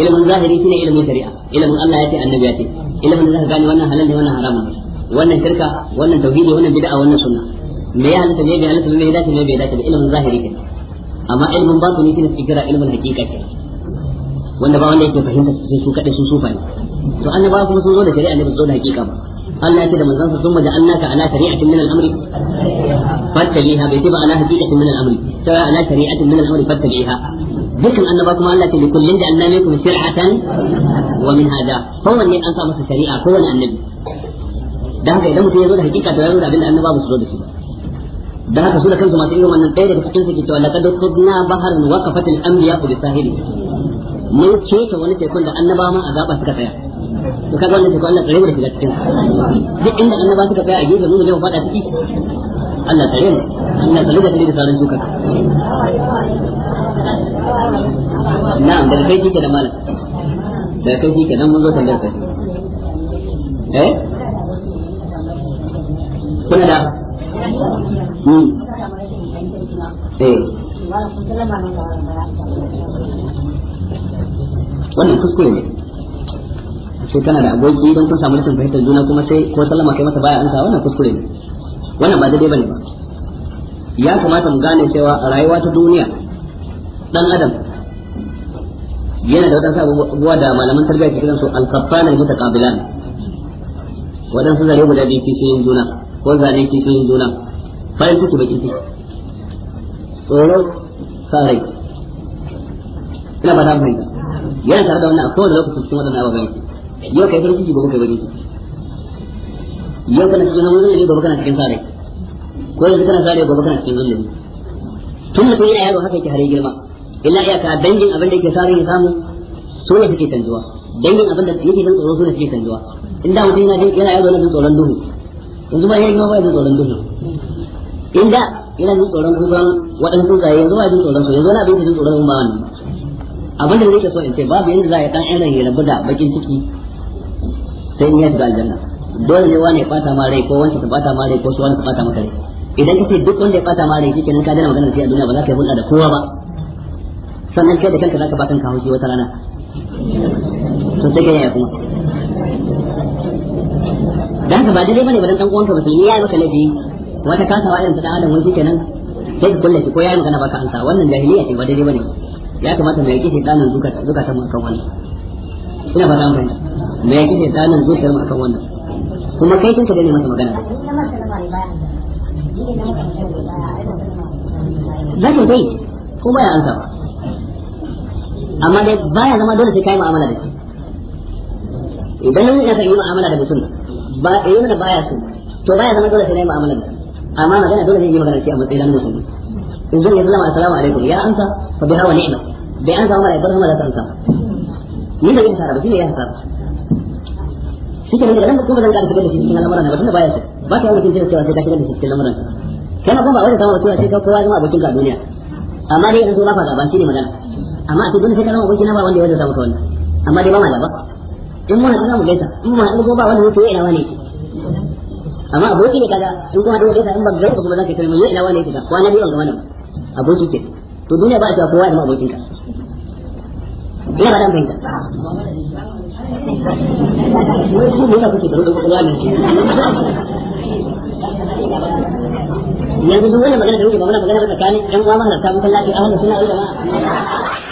ilimin zahiri shine ilimin shari'a ilimin Allah ya ce annabi ya ce ilimin da zaka gane wannan halal ne wannan haramun wannan shirka wannan tauhidi wannan bid'a wannan sunna me ya halitta ne bai halitta ne ya dace ne bai dace da ilimin zahiri kenan amma ilimin su shine suke kira ilimin hakika kenan wanda ba wanda yake fahimta su sai su kadai su sufa ne to annabawa kuma sun zo da shari'a ne ba su zo da hakika ba Allah ya ce da manzon sa summa ja'alnaka ala shari'atin min al-amri fattabiha bai ce ba ala haqiqatin min al-amri sai ala shari'atin min al-amri fattabiha dukkan annaba kuma Allah ce likullin da annabi kuma shir'atan wa min hada kowanne an sa masa shari'a kowanne annabi da haka idan mutum ya zo da hakika to ya zo da abin da annaba ba su zo da shi ba da haka su da kansu masu irin wannan ɗaya daga cikin su ke cewa laqad khudna baharan waqafat al-anbiya bi sahili mun keta wani tekun da annabawa ma a gaba suka tsaya to kaga wannan tekun Allah tsare mu da shiga cikin duk inda annabawa suka tsaya a gefe mun ne mu fada ciki Allah tsare mu Allah tsare da da sauran dukan na'am daga kai kike da malam da kai kike nan mun zo tambayar kai eh kuna da Hmm. Eh. wannan kuskure ne sai kana da aboki don kun samu rashin fahimtar juna kuma sai ko sallama kai masa baya ansa wannan kuskure ne wannan ba daidai bane ba ya kamata mu gane cewa a rayuwa ta duniya dan adam yana da wadansu abubuwa da malaman tarbiyya ke kiransu al-kaffanan mutaqabilan wadansu zare guda biyu kishiyoyin juna ko zane kishin juna bayan kuku baki ciki tsoro sarai ina ba da mai yana tare da wani a kowane lokaci cikin waɗannan ababen ki yau kai farin ciki gobe kai baki ciki yau kana cikin hannun ne gobe kana cikin sarai ko yanzu kana sarai gobe kana cikin zulumi tun mutum yana yaro haka yake hari girma illa iyaka dangin abin da yake sarai ya samu su ne suke canjuwa dangin abin da yake jin tsoro su ne suke canjuwa inda mutum yana yana yaro na jin tsoron duhu yanzu ba ya yi ba da tsoron duhu inda yana jin tsoron kusan waɗansu tsuntsaye yanzu ba jin tsoron su yanzu wani abin jin tsoron ba wani abin da nake so in ce babu yanda za a yi ɗan adam ya rabu da bakin ciki sai in ya shiga aljanna dole ne wani ya fata ma rai ko wani ta fata ma rai ko su wani ta fata maka rai idan kace duk wanda ya fata ma rai kike ka dana magana sai a duniya ba za ka yi hulɗa da kowa ba sannan kai da kanka za ka ba kanka haushi wata rana to sai ka ya kuma dan ka ba daidai bane ba dan dan uwanka musulmi yayi maka laifi wata kasawa irin ta dan adam wani kenan sai ka kulle ko ko yayi magana baka ansa wannan jahiliya ce ba daidai bane ya kamata mai yake shedanin zuka zuka ta mu akan wannan ina fata mun mu yake nan zuciyar mu akan wannan kuma kai kinka ne masa magana zaka dai ko baya ansa ba amma dai baya zama dole sai kai mu'amala da shi idan ya ka yi mu'amala da mutum ba yayi eh, mana baya so to baya zama dole sai nayi mu'amala amma magana dole zai yi magana ce a matsayin musulmi in zan yi sallama assalamu alaikum ya amsa fa biha wa ni'ma bai amsa ba ya bar da amsa ni da yin sarrafa shine ya sarrafa shi ke da nan kuma zan ka da shi cikin al'amuran ba tunda baya so ba ka yi mutum cewa sai ka shigar da shi cikin al'amuran kana kuma wanda kama cewa sai ka kowa zama abokin ka duniya amma dai yanzu ba fa gaba shi ne magana amma a cikin sai kana abokin na ba wanda ya wanda ka wannan amma dai ba ma gaba in mun haɗu za mu gaisa in mun ba wanda mutum ya ina wani amma aboki ne kaga in kuma haɗu gaisa in ba gaisa kuma za ka kalmar ya ina wani yake ga kwana biyu ga wannan aboki ke to duniya ba a cewa kowa ya zama abokin ka ina ba dan fahimta yanzu duk wannan magana da wuce ba magana da tsakanin ƴan uwa mahalarta masallaci a wannan suna yi jama'a